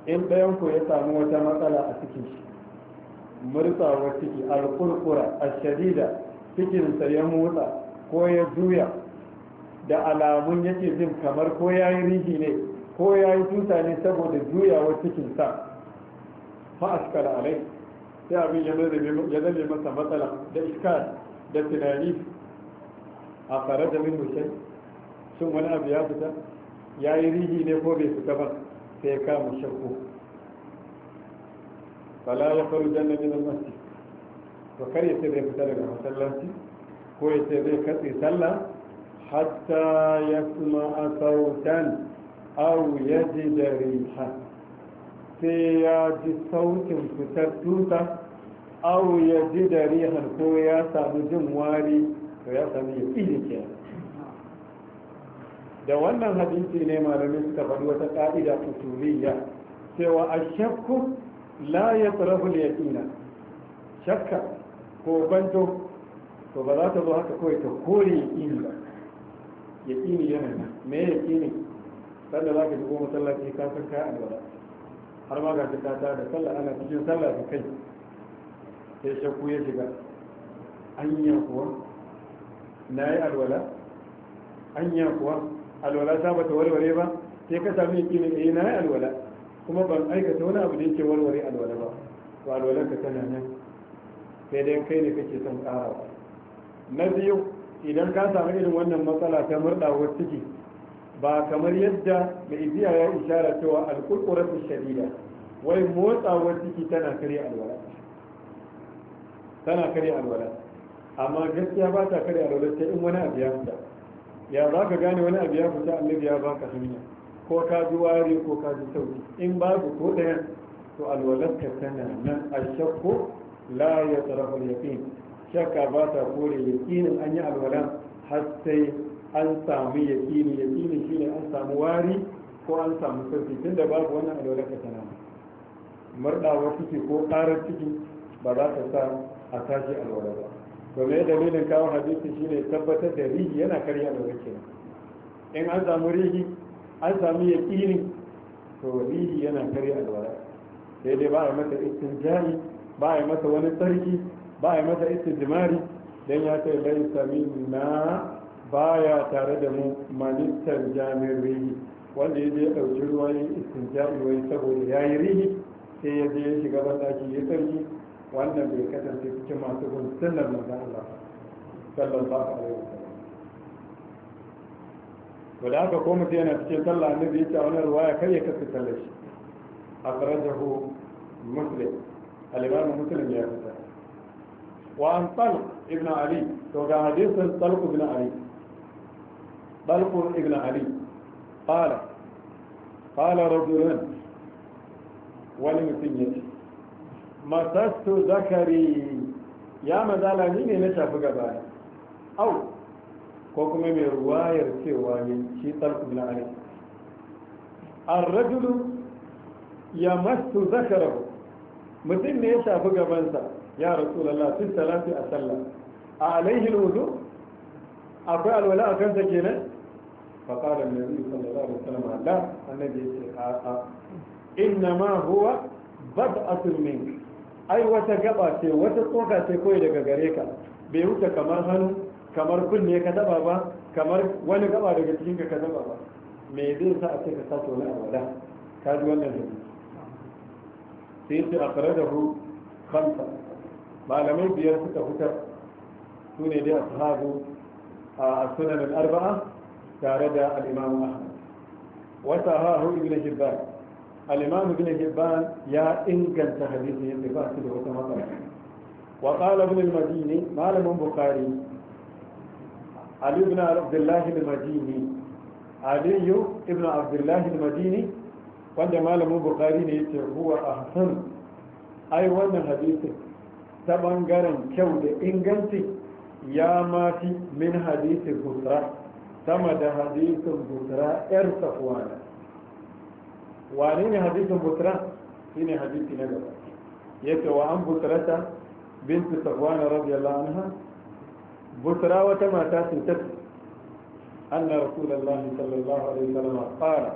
in ɗayan ku ya samu wata matsala a cikin shi mursawar ciki alƙurƙura a shadida cikinsa ya motsa ko ya juya da alamun yake jin kamar ko ya yi rihi ne ko ya yi tuta ne saboda juyawar cikin sa fa askara alai sai abin ya zame masa matsala da iskar da tunani a fara da min mushe shin wani abu ya fita ya yi rihi ne ko bai fita ba sai ya kama shakku fala ya faru janna na al-masjid to kar ya sai bai fita daga masallaci ko ya ce bai katse sallah حتى يسمع صوتا أو يجد ريحا في الصوت كتبتوتا أو يجد ريحا كويا سابجم واري كويا سابجم إليك دوانا هديثي نيما رميس تفضل وتقائدة أصولية سوى الشك لا يطرف اليتينة شك كوبانتو فبلا تضحك كويتو كوري إليك yaƙini yana nan me yaƙini sanda za ka shigo masallaci ka san kayan alwala har ma ga ta ta da sallah ana cikin sallah da kai sai shakku ya shiga anya kuwa na yi alwala anya kuwa alwala ta bata warware ba sai ka sami yaƙinin eh na yi alwala kuma ban aikata wani abu da yake warware alwala ba to alwalar ka tana nan sai dai kai ne kake son ƙarawa na biyu idan ka samu irin wannan matsala ta murdawar ciki ba kamar yadda mai iziya ya ishara cewa su shari'a wai motsawar ciki tana karya alwala tana karya alwala amma gaskiya ba ta karya alwala ta in wani abu ya fita ya za ka gane wani abu ya fita annabi ya ka hanya ko ka ji wari ko ka ji sauki in ba ku ko ɗaya to alwalarka tana nan shakku la ya tsarafa shakka ba ta kore yaƙinin an yi alwala har sai an samu yaƙini yaƙini shine an samu wari ko an samu sarki tunda babu wannan alwala ka tana murɗawa ciki ko ƙarar ciki ba za ta sa a tashi alwala ba domin dalilin kawo hadisi shine tabbatar da rihi yana karya alwala kenan in an samu rihi an samu yaƙini to rihi yana karya alwala daidai ba a mata istinjani ba a yi mata wani sarki ba yi mata istijmari dan ya ce laisa na baya tare da mu manistan jami'in rihi wanda ya je ɗauki ruwa ya wai saboda ya yi rihi sai ya je ya shiga banɗaki ya sarki wannan bai kasance cikin masu gun sunan manzon Allah sallallahu alaihi wasallam to da haka ko mutum yana cikin sallah annabi ya ce a wannan ruwaya kar ya kasa sallar shi akhrajahu muslim al'imamu muslim ya kasa وعن طلق ابن علي وقع حديث طلق ابن علي طلق ابن علي قال قال رجل ولم تنيت مسست ذكري يا مزالا ني ne na shafi gaba au ko kuma mai ruwayar cewa ne shi talqu bil alim ar-rajulu yamassu zakarahu mutum ne ya shafi gabansa ya rasulullah sun salati a sallah a alaihin wudu akwai alwala a kansa kenan fa qala an-nabi sallallahu alaihi wasallam la annabi yace a a inna ma huwa bad'atun mink ai wata gaba ce wata tsoka ce kawai daga gare ka bai wuce kamar hannu kamar kunne ka taba ba kamar wani gaba daga cikin ka taba ba me zai sa a ce ka sace wani awala ka ji wannan hadisi sai ce akhrajahu khamsa malamai biyar suka fitar su ne dai ashabu a sunan al-arba'a tare da al-imam ahmad wa sahahu ibn hibban al-imam ibn hibban ya inganta hadisi yadda ba su da wata matsala wa qala ibn al-madini malamin bukhari ali ibn abdullah al-madini ali ibn abdullah al-madini wanda malamin bukhari ne yace huwa ahsan ai wannan hadisin ta bangaren kyau da inganci ya mafi min hadisin busra sama da hadisin busra yar safwana wane ne hadisin busra shine hadisi na gaba Ya ce, wa an busrata bintu safwana radiyallahu anha busra wata mata sun tafi anna rasulullahi sallallahu alaihi wasallam qala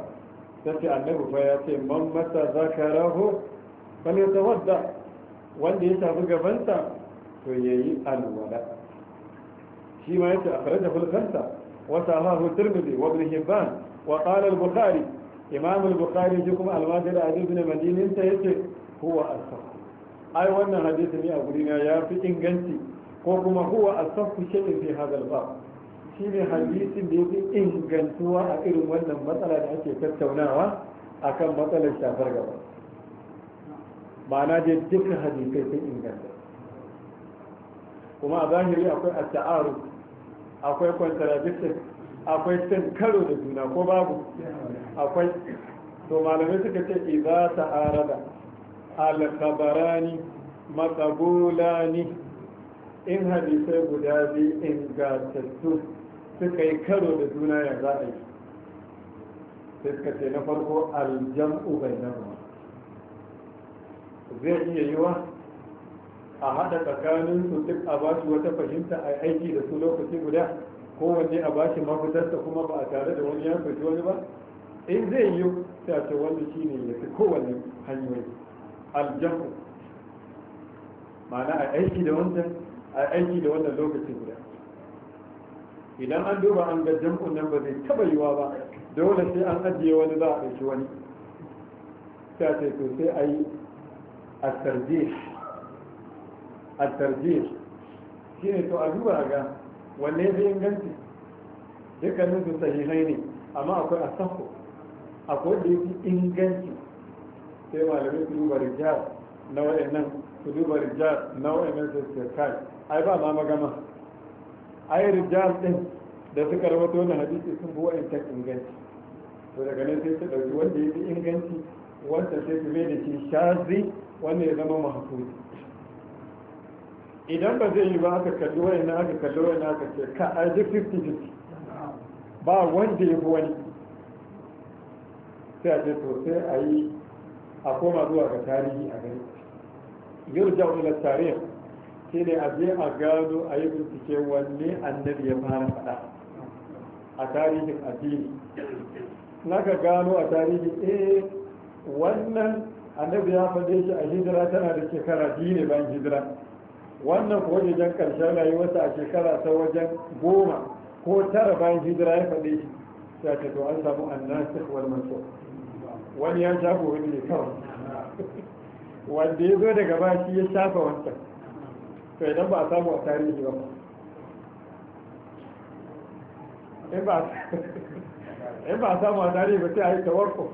tace annabi fa yace man mata zakarahu falyatawadda wanda ya shafi gabansa to ya yi alwala shi ma yace akhrajahu al-khamsa wa sahahu at-tirmidhi wa ibn hibban wa qala al imam al ji kuma al da ali ibn madini ta yace huwa as ai wannan hadisi ne a guri na ya fi inganci ko kuma huwa as-sahih shay'in fi hadha al shi ne hadisin da yake ingantuwa a irin wannan matsala da ake tattaunawa akan matsalar shafar gaba ma'ana dai dukkan hadisai sun inganta kuma a zahiri akwai asta'aru akwai contradiction akwai cin karo da juna ko babu akwai to malamai suka ce idza ta'arada arada khabarani maqbulani in hadisai guda biyu ingantattu suka yi karo da juna ya za a yi sai suka ce na farko aljam'u bainahu zai iya yiwa a haɗa tsakanin su duk a bashi wata fahimta a aiki da su lokaci guda kowanne a bashi mafitarsa kuma ba a tare da wani ya shi wani ba in zai yi ta ce wanda shi ne ya fi kowanne hanyoyi aljahu ma'ana a aiki da wancan a aiki da wannan lokaci guda idan an duba an ga jam'un nan ba zai taba yiwa ba dole sai an ajiye wani za a ɗauki wani ta ce to sai a yi الترجيح الترجيح shine to a duba ga wanne ya fi inganci dukkanin su sahihai ne amma akwai asafu akwai da yafi inganci sai malamai su duba rijal na wa'annan su duba rijal na wa'annan su ce ai ba ma magama ai rijal din da suka rawato wannan hadisi sun fi wa'ancan inganci to daga nan sai su ɗauki wanda ya fi inganci wanda sai su mai da shi shazi wannan ya zama mahakuri idan ba zai yi ba aka kalli wani na aka kalli wani aka ce ka a 50-50 ba wanda ya fi wani sai a ce to sai a yi a koma zuwa ga tarihi a gani yau ja wani tarihi shi ne a je a gano a yi bincike wanne annabi ya fara faɗa a tarihin addini na ka gano a tarihi eh wannan annabi ya faɗe shi a hijira tana da shekara biyu ne bayan hijira wannan ko wajen ƙarshen rayuwarsa a shekara ta wajen goma ko tara bayan hijira ya faɗe shi ta ce to an samu annasir wal mansur wani ya shafa wani ne kawai wanda ya zo daga bashi ya shafa wancan to idan ba a samu a tarihi ba in ba a samu a tarihi ba sai a yi tawarko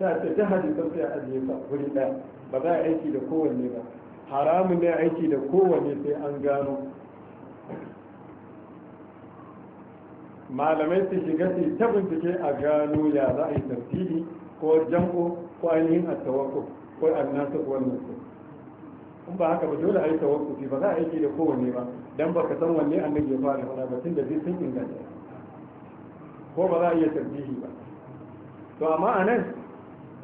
ta ta ce ta hadisan sai a ajiye ka wuri ɗaya ba za a aiki da kowanne ba haramun ne aiki da kowanne sai an gano malamai su shiga su ta bincike a gano ya za a yi tafsiri ko jam'o ko ainihin a tawakko ko annasa ko wannan su in ba haka ba dole a yi tawakkufi ba za a aiki da kowanne ba dan baka san wanne annabi ya fara fara ba tun da zai sun inganta ko ba za a iya tafsiri ba to amma anan.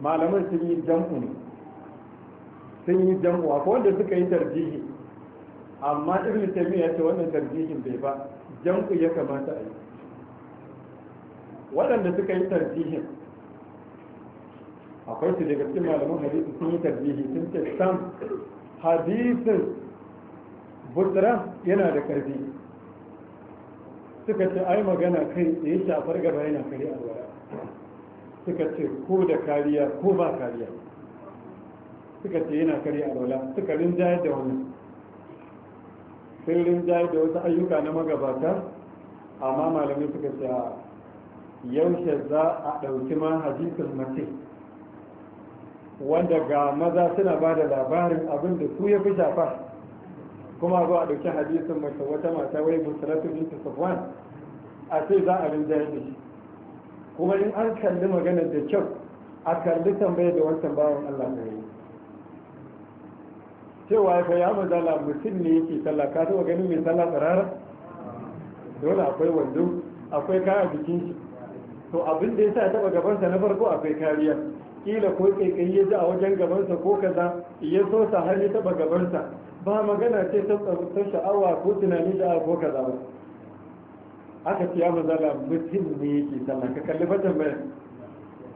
malaman sun yi jam'u ne sun yi jam'u a wanda suka yi tarjihi amma irin taymiya ya ce wannan tarjihin bai ba jam'u ya kamata a yi waɗanda suka yi tarjihin akwai su daga cikin malaman hadisi sun yi tarjihi sun ce sam hadisin Butra yana da karfi suka ce ai magana kai da ya shafar gaba yana kare alwala suka ce ko da kariya ko ba kariya suka ce yana kare lola suka rinjayar da wani sun rinjayar da wasu ayyuka na magabata amma malamai suka ce yaushe za a ɗauki ma hadisin mace wanda ga maza suna ba da labarin abin da su ya fi shafa kuma zuwa a ɗauki hadisin mace wata mata wai musulatu bintu safwan a ce za a rinjayar da shi kuma in an kalli magana da kyau a kalli tambaya da wancan bawan Allah ta yi cewa ya ya mazala mutum ne yake sallah ka taɓa ganin mai sallah tsarara dole akwai wando akwai kaya bikin shi to abin da ya sa ya taɓa gabansa na farko akwai kariya kila ko kai ya ji a wajen gabansa ko kaza ya so sa har ya taɓa gabansa ba magana ce ta sha'awa ko tunani da ko kaza ba aka ce ya mazala mutum ne yake sallah ka kalli fatan bayan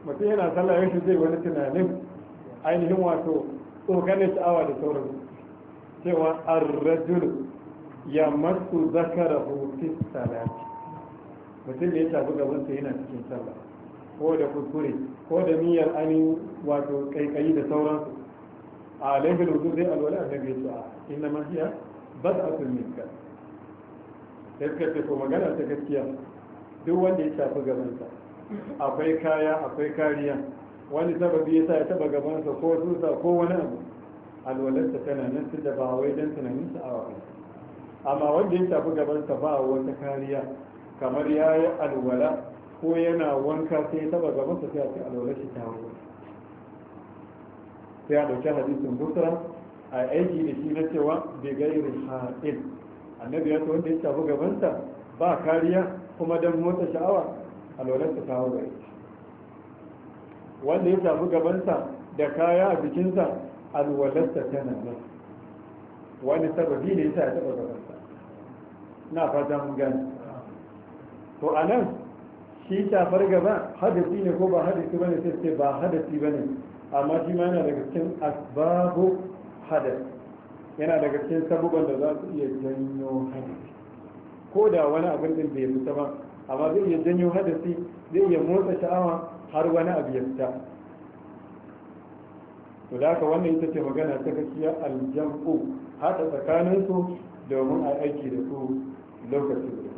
mutum yana sallah yanzu zai wani tunanin ainihin wato tsokanin sha'awa da sauran cewa arrajul ya masu zakara hutun salati mutum ne ya tafi gabansa yana cikin sallah ko da kuskure ko da niyyar ani wato kaikayi da sauransu a laifin rudu zai alwala a nabi su a inna mahiya ba a sun sai suka ce ko magana ta gaskiya duk wanda ya shafi gabansa akwai kaya akwai kariya wani sababi ya sa ya taba gabansa ko tusa ko wani abu alwalarsa tana nan su da ba wai don tunanin sa'awa ba amma wanda ya shafi gabansa ba wata kariya kamar ya yi alwala ko yana wanka sai ya taba gabansa sai a ce alwalar shi ta wani sai a ɗauki hadisin busra a aiki da shi na cewa bigayin ha'il annabi ya wanda ya shafi gabansa ba kariya kuma don motsa sha'awa a alwalarsa ta hau wanda ya shafi gabansa da kaya a jikinsa alwalarsa tana nan wani sababi ne sa ya taɓa gabansa na fata mun gani to a nan shi shafar gaba hadasi ne ko ba hadasi bane sai ba hadasi bane amma shi ma yana daga cikin asbabu hadasi yana daga cikin sabuban da za su iya janyo hadisi ko da wani abin din bai mutu ba amma zai iya janyo hadisi zai iya motsa sha'awa har wani abu ya fita to da haka wannan ita ce magana ta gaskiya aljam'u haɗa tsakanin su domin a aiki da su lokacin da.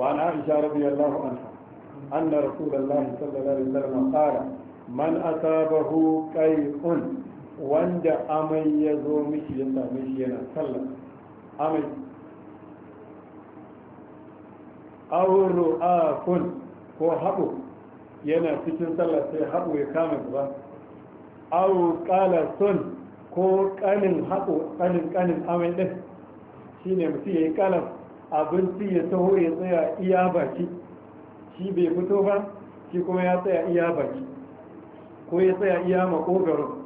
wa na aisha radiyallahu anha anna rasulullahi sallallahu alaihi wasallam qala man asabahu qai'un wanda amai ya zo miki ya sami shi yana sallah amai a kun ko haɓo yana cikin sallah sai haɓu ya kama gaba Auro ƙala sun ko ƙanin haɓu, ƙanin ƙanin amai ɗin shi ne mutum ya yi ƙalan abinci ya taho ya tsaya iya baki shi bai fito ba shi kuma ya tsaya iya baki ko ya tsaya iya makogaro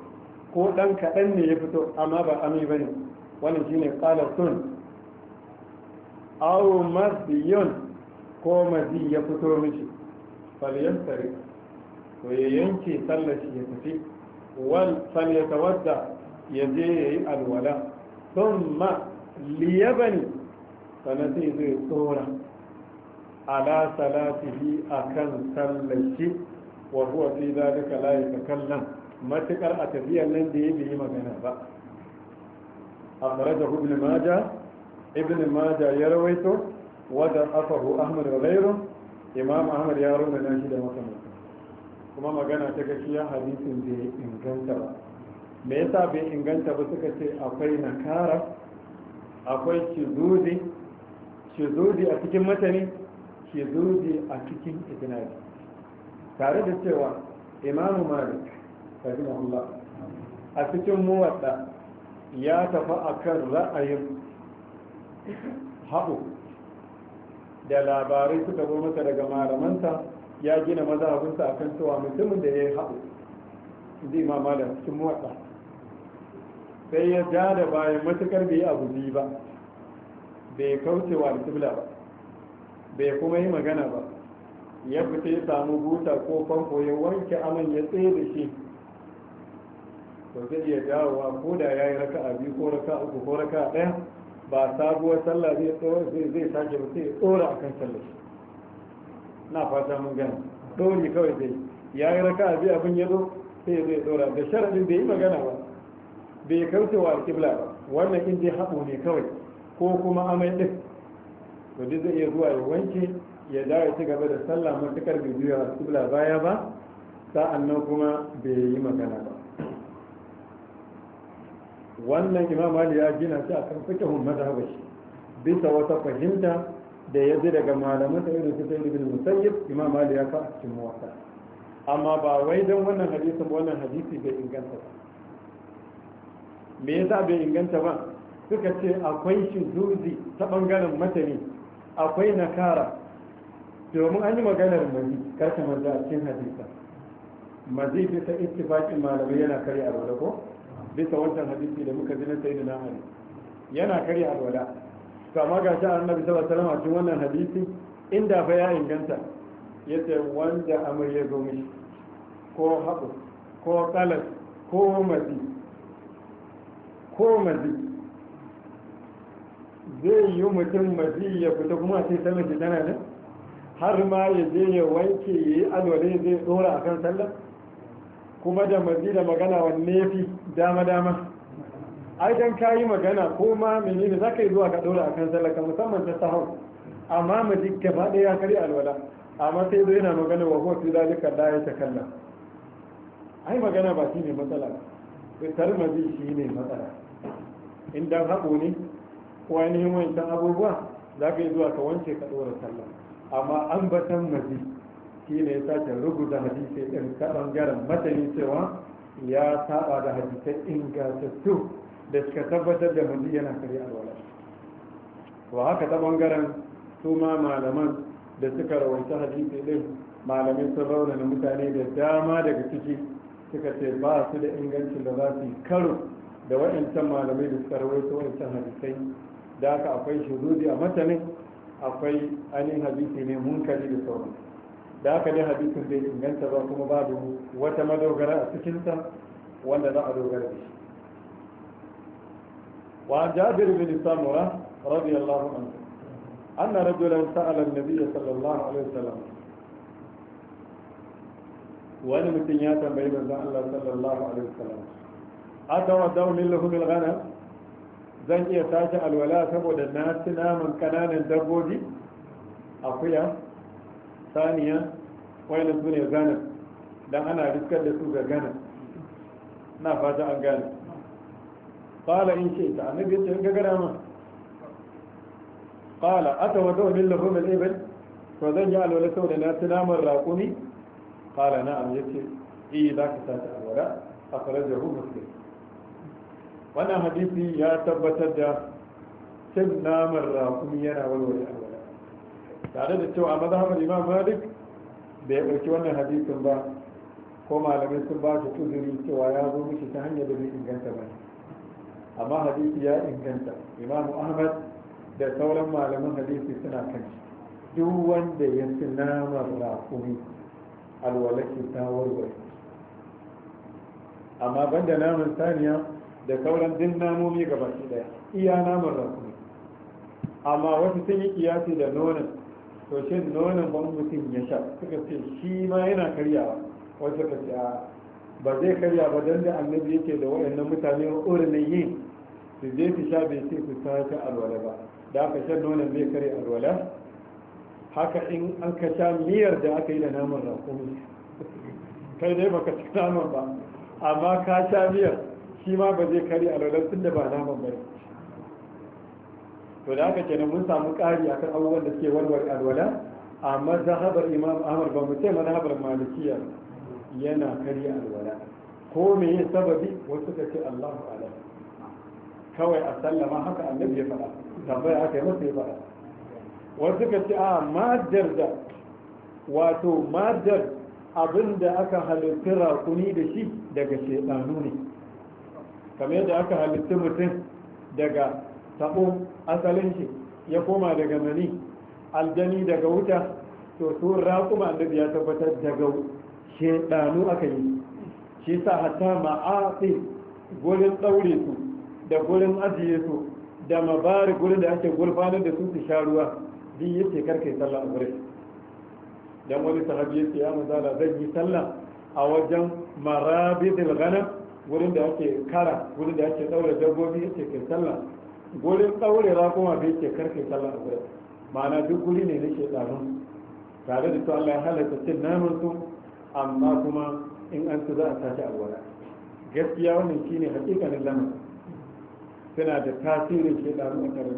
ko dan kaɗan ne ya fito amma ba ami ba ne wannan shi ne ƙalatun awo maziyon ko mazi ya fito mishi faliyan tsari to ya yanke tsallashi ya tafi wal falyata wadda ya je ya yi alwala sun ma liyabani sannan zai tsora ala salatihi akan tsallashi wa huwa fi zalika la yatakallam matukar a tafiyar nan da yake yi magana ba akhrajahu ibn majah ibn majah ya rawaito wa da afahu ahmad wa ghayru imam ahmad ya rawaito shi da makamantan kuma magana ta gaskiya hadisin bai inganta ba me yasa bai inganta ba suka ce akwai nakara akwai shizudi shizudi a cikin matani shizudi a cikin isnadi tare da cewa imamu malik rahimahullah a cikin muwadda ya tafi akan ra'ayin haɓu da labarai suka zo masa daga malamanta ya gina mazhabinsa akan cewa mutumin da ya yi haɓu zai da cikin muwadda sai ya ja da bayan matukar bai abu ba bai kaucewa da ba bai kuma yi magana ba ya fita ya samu buta ko famfo ya wanke aman ya tsaye da shi to zai iya dawowa ko da ya yi raka a biyu ko raka uku ko raka ɗaya ba sabuwar sallah zai zai sake ba sai tsora akan sallah na fata mun gani tsori kawai zai ya yi raka a biyu abin ya zo sai zai tsora da sharadin bai yi magana ba bai kauce wa alƙibla ba wannan in dai haɓo ne kawai ko kuma amai ɗin to duk zai iya zuwa ya wanke ya dawo ya ci gaba da sallah matukar bai juya alƙibla baya ba sa'an nan kuma bai yi magana ba wannan imam ali ya gina shi akan mata mazhabashi bisa wata fahimta da ya ji daga malaman ta irin su sayyid ibn musayyib imam ali ya fa cikin wata amma ba wai dan wannan ba wannan hadisi bai inganta ba me yasa bai inganta ba suka ce akwai shi zuzi ta bangaren matani akwai nakara domin an yi maganar mazi karka manzo a cikin hadisa mazi bisa ittifaqin malamai yana karya alwala ko bisa wancan hadisi da muka ji sai da ali yana karya alwala to amma ga shi annabi sallallahu alaihi wasallam cikin wannan hadisi inda fa ya inganta yace wanda amr ya zo mishi ko haɓu ko kalas ko mazi ko mazi zai yi mutum mazi ya fita kuma sai sanin shi tana ne har ma ya je ya wanke ya yi alwale zai tsora a kan sallah kuma da mazi da magana wanne fi dama-dama ai don ka yi magana ko ma menene za ka yi zuwa ka tsora a kan sallah ka musamman ta sahau amma mazi gaba ɗaya ya karya alwala amma sai zai yana magana wa hoti za zalika da ya takalla ai magana ba shi ne matsala fitar mazi shi ne matsala in dan haƙo ne ko ainihin wancan abubuwa za ka yi zuwa ka wanke ka ɗora sallah amma an batan mazi shi ne ya sace rubuta hadisai ɗin ta ɓangaren matsayin cewa ya saba da hadisai ingantattu da suka tabbatar da mazi yana kare alwala wa haka ta ɓangaren su ma malaman da suka rawance hadisai ɗin malamin sun na mutane da dama daga ciki suka ce ba su da ingancin da za su yi karo da wa'ancan malamai da suka rawaita wa'ancan hadisai da aka akwai shuzudi a matanin akwai ainihin hadisi ne munkari da sauran da haka dai hadisin bai inganta ba kuma babu wata madogara a cikinsa wanda za a dogara da shi وعن جابر بن سامرة رضي الله عنه أن رجلا سأل النبي صلى الله عليه وسلم وأنا متنياتا بين الله صلى الله عليه وسلم أتودون لهم الغنم zan iya tashi alwala saboda na ci naman kananan dabbobi akuya saniya wani su ne ganin don ana riskar da su ga ganin na fata an gane ƙala in ce ta annabi ce in ga gana ma ƙala ata wata wani lafi mai ɗaiɓai to zan yi alwala saboda na ci naman raƙumi ƙala na amince ce iya eh, za ka tashi alwala a farar da hu muslim wannan hadisi ya tabbatar da cin naman rakumi yana walwale alwala tare da cewa mazhabar imam malik bai ɗauki wannan hadisin ba ko malamai sun ba shi uzuri cewa ya zo miki ta hanyar da bai inganta ba amma hadisi ya inganta Imam ahmad da sauran malaman hadisi suna kan shi duk wanda ya ci naman rakumi alwala ta warware amma banda naman saniya da sauran din namomi gabaki daya iya naman ne amma wasu sun yi kiyasi da nonon to shin nonon ban mutum ya sha suka ce shi ma yana karyawa wasu ka ce ba zai karya ba don da annabi yake da waɗannan mutane na yin su je su sha bai ce su sake alwala ba da aka sha nonon zai karya alwala haka in an ka sha miyar da aka yi da naman rakumi kai dai baka ci naman ba amma ka sha miyar shi ma ba zai kare alwalar tun da ba naman bane to da aka kenan mun samu a akan abubuwan da suke warware alwala a mazhabar imam ahmad ba mu ce mazhabar malikiya yana kare alwala ko me ya sababi wasu ka ce allahu alam kawai a sallama haka annabi ya faɗa tambaya haka ya masa ya faɗa wasu ka ce a ah, madar da wato madar abin da aka halittu rakuni da shi daga shekaru ne kamar yadda aka halitta mutum daga tabo asalin shi ya koma daga mani aljani daga wuta to su raƙuma da ya tabbatar daga shedanu aka yi shi sa hatta ma'afi gurin ɗaure su da gurin ajiye su da mabari gurin da ake gurfanar da su su sha ruwa din shekar kai sallah a gurin dan wani sahabi ya ce ya mazala zan yi sallah a wajen marabidil ghanam wurin da ake kara wurin da ake daure dabbobi yake kai sallah gurin daure kuma bai ke karfe sallah a gurin ma'ana duk guri ne na shekarun tare da su Allah ya halatta cin namun su amma kuma in an su za a tashi a gora gaskiya wannan shine hakikanin lamarin suna da tasirin shekaru a tare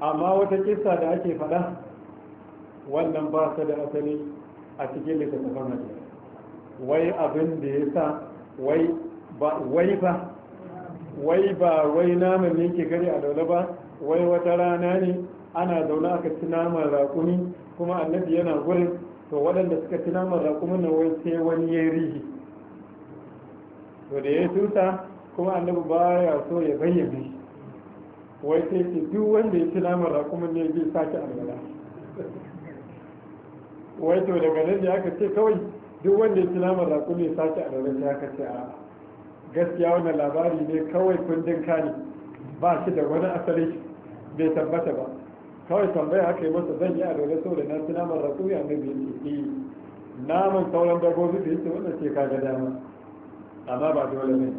amma wata kissa da ake faɗa wannan ba su da asali a cikin littattafan hadisi wai abin da ya sa wai ba wai ba wai naman ne ke gari a daula ba wai wata rana ne ana zaune aka ci naman raƙumi kuma annabi yana gurin to waɗanda suka ci naman raƙumin na wai sai wani ya rihi to da ya tuta kuma annabi ba ya so ya bayyana wai sai ce duk wanda ya ci naman raƙumin ne zai sake alwala wai to daga nan da aka ce kawai duk wanda ya ci naman raƙumi ya sace a ranar ya kace a gaskiya wannan labari ne kawai kundin kani ba shi da wani asali bai tabbata ba kawai tambaya aka yi masa zan yi a dole saboda na ci naman raƙumi a nabi yi eh, naman sauran dabbobi da yake wannan ce kaga dama amma ba dole ne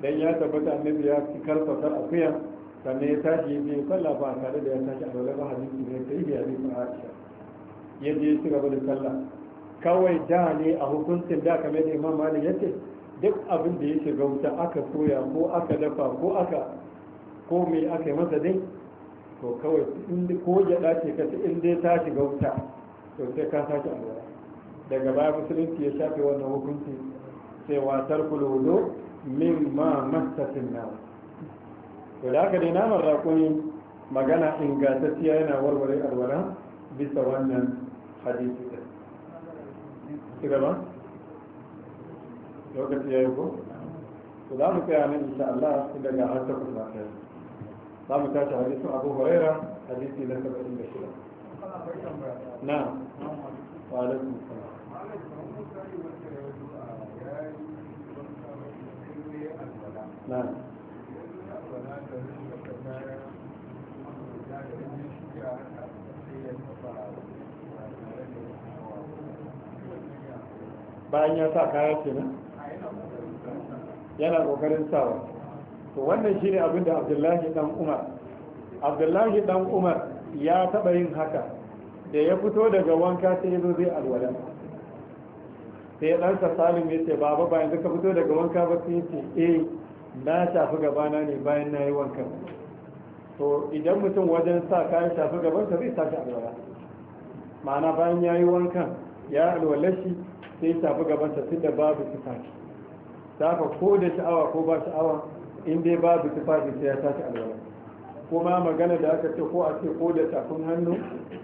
dan ya tabbata annabi ya ci karfafa akuya sannan ya tashi ya je sallah ba tare da ya tashi a ranar ba hadisi ne sai ya ba Aisha ya je ci gaba da sallah kawai da ne a hukuncin da kamar da imam malik yace duk abin da ya shiga wuta aka soya ko aka dafa ko aka ko me aka yi masa dai to kawai inda ko ya dace ka inda ya ta shiga wuta to sai ka sake alwala daga baya musulunci ya shafe wannan hukunci sai watar kulolo min ma mastasin na to da aka dai naman raƙuni magana ingantacciya yana warware alwala bisa wannan hadisi ci gaba lokaci ya yi ko to za mu tsaya nan insha Allah tun daga har ta kusa kai za mu tashi hadisin Abu Huraira hadisi na 76 na wa alaikum salam na Thank you. bayan ya sa kaya ce nan yana kokarin sawa to wannan shine abin da abdullahi dan umar abdullahi dan umar ya taba yin haka da ya fito daga wanka sai ya zo zai alwala sai ya ɗansa salim ya ce baba bayan ka fito daga wanka ba sai ya ce eh na shafi gabana ne bayan na yi wanka to idan mutum wajen sa kayan shafi gabansa zai sake alwala ma'ana bayan ya yi wankan ya alwala shi sai tafi gabansa da babu tufafi ta ko da sha'awa ko ba sha'awa in dai babu tufafi sai ya tashi alwala kuma magana da aka ce ko a ce ko da tafin hannu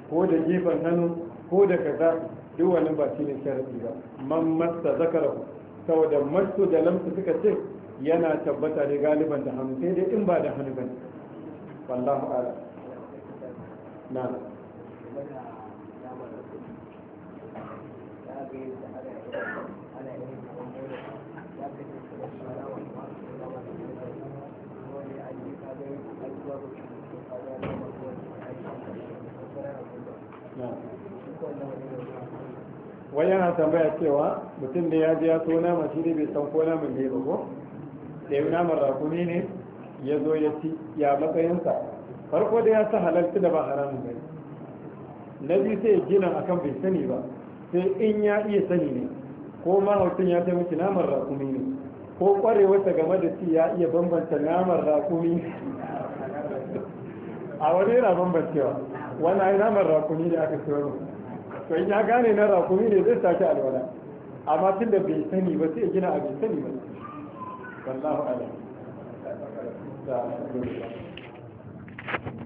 ko da gefen hannu ko da kaza duk wannan ba shi ne sharadi ba man masta zakarahu saboda masu da lamsu suka ce yana tabbata ne galiban da hannu sai dai in ba da hannu ba wallahu ala na wai yana tambaya cewa mutum da ya ji ya so nama shi ne bai san ko naman ne ba ko da yi naman rakumi ne ya zo ya ci ya matsayinsa farko da ya sa halarci da ba haramun bai. na biyu sai ya gina akan bai sani ba sai in ya iya sani ne ko mahaucin ya ce miki naman rakumi ne ko kwarewarsa game da ci ya iya bambanta naman rakumi a wani yana bambancewa wani ai naman rakumi ne aka ciwo to in ya gane na rakumi ne zai sake alwala amma tun da bai sani ba sai gina a bai sani ba wallahu alam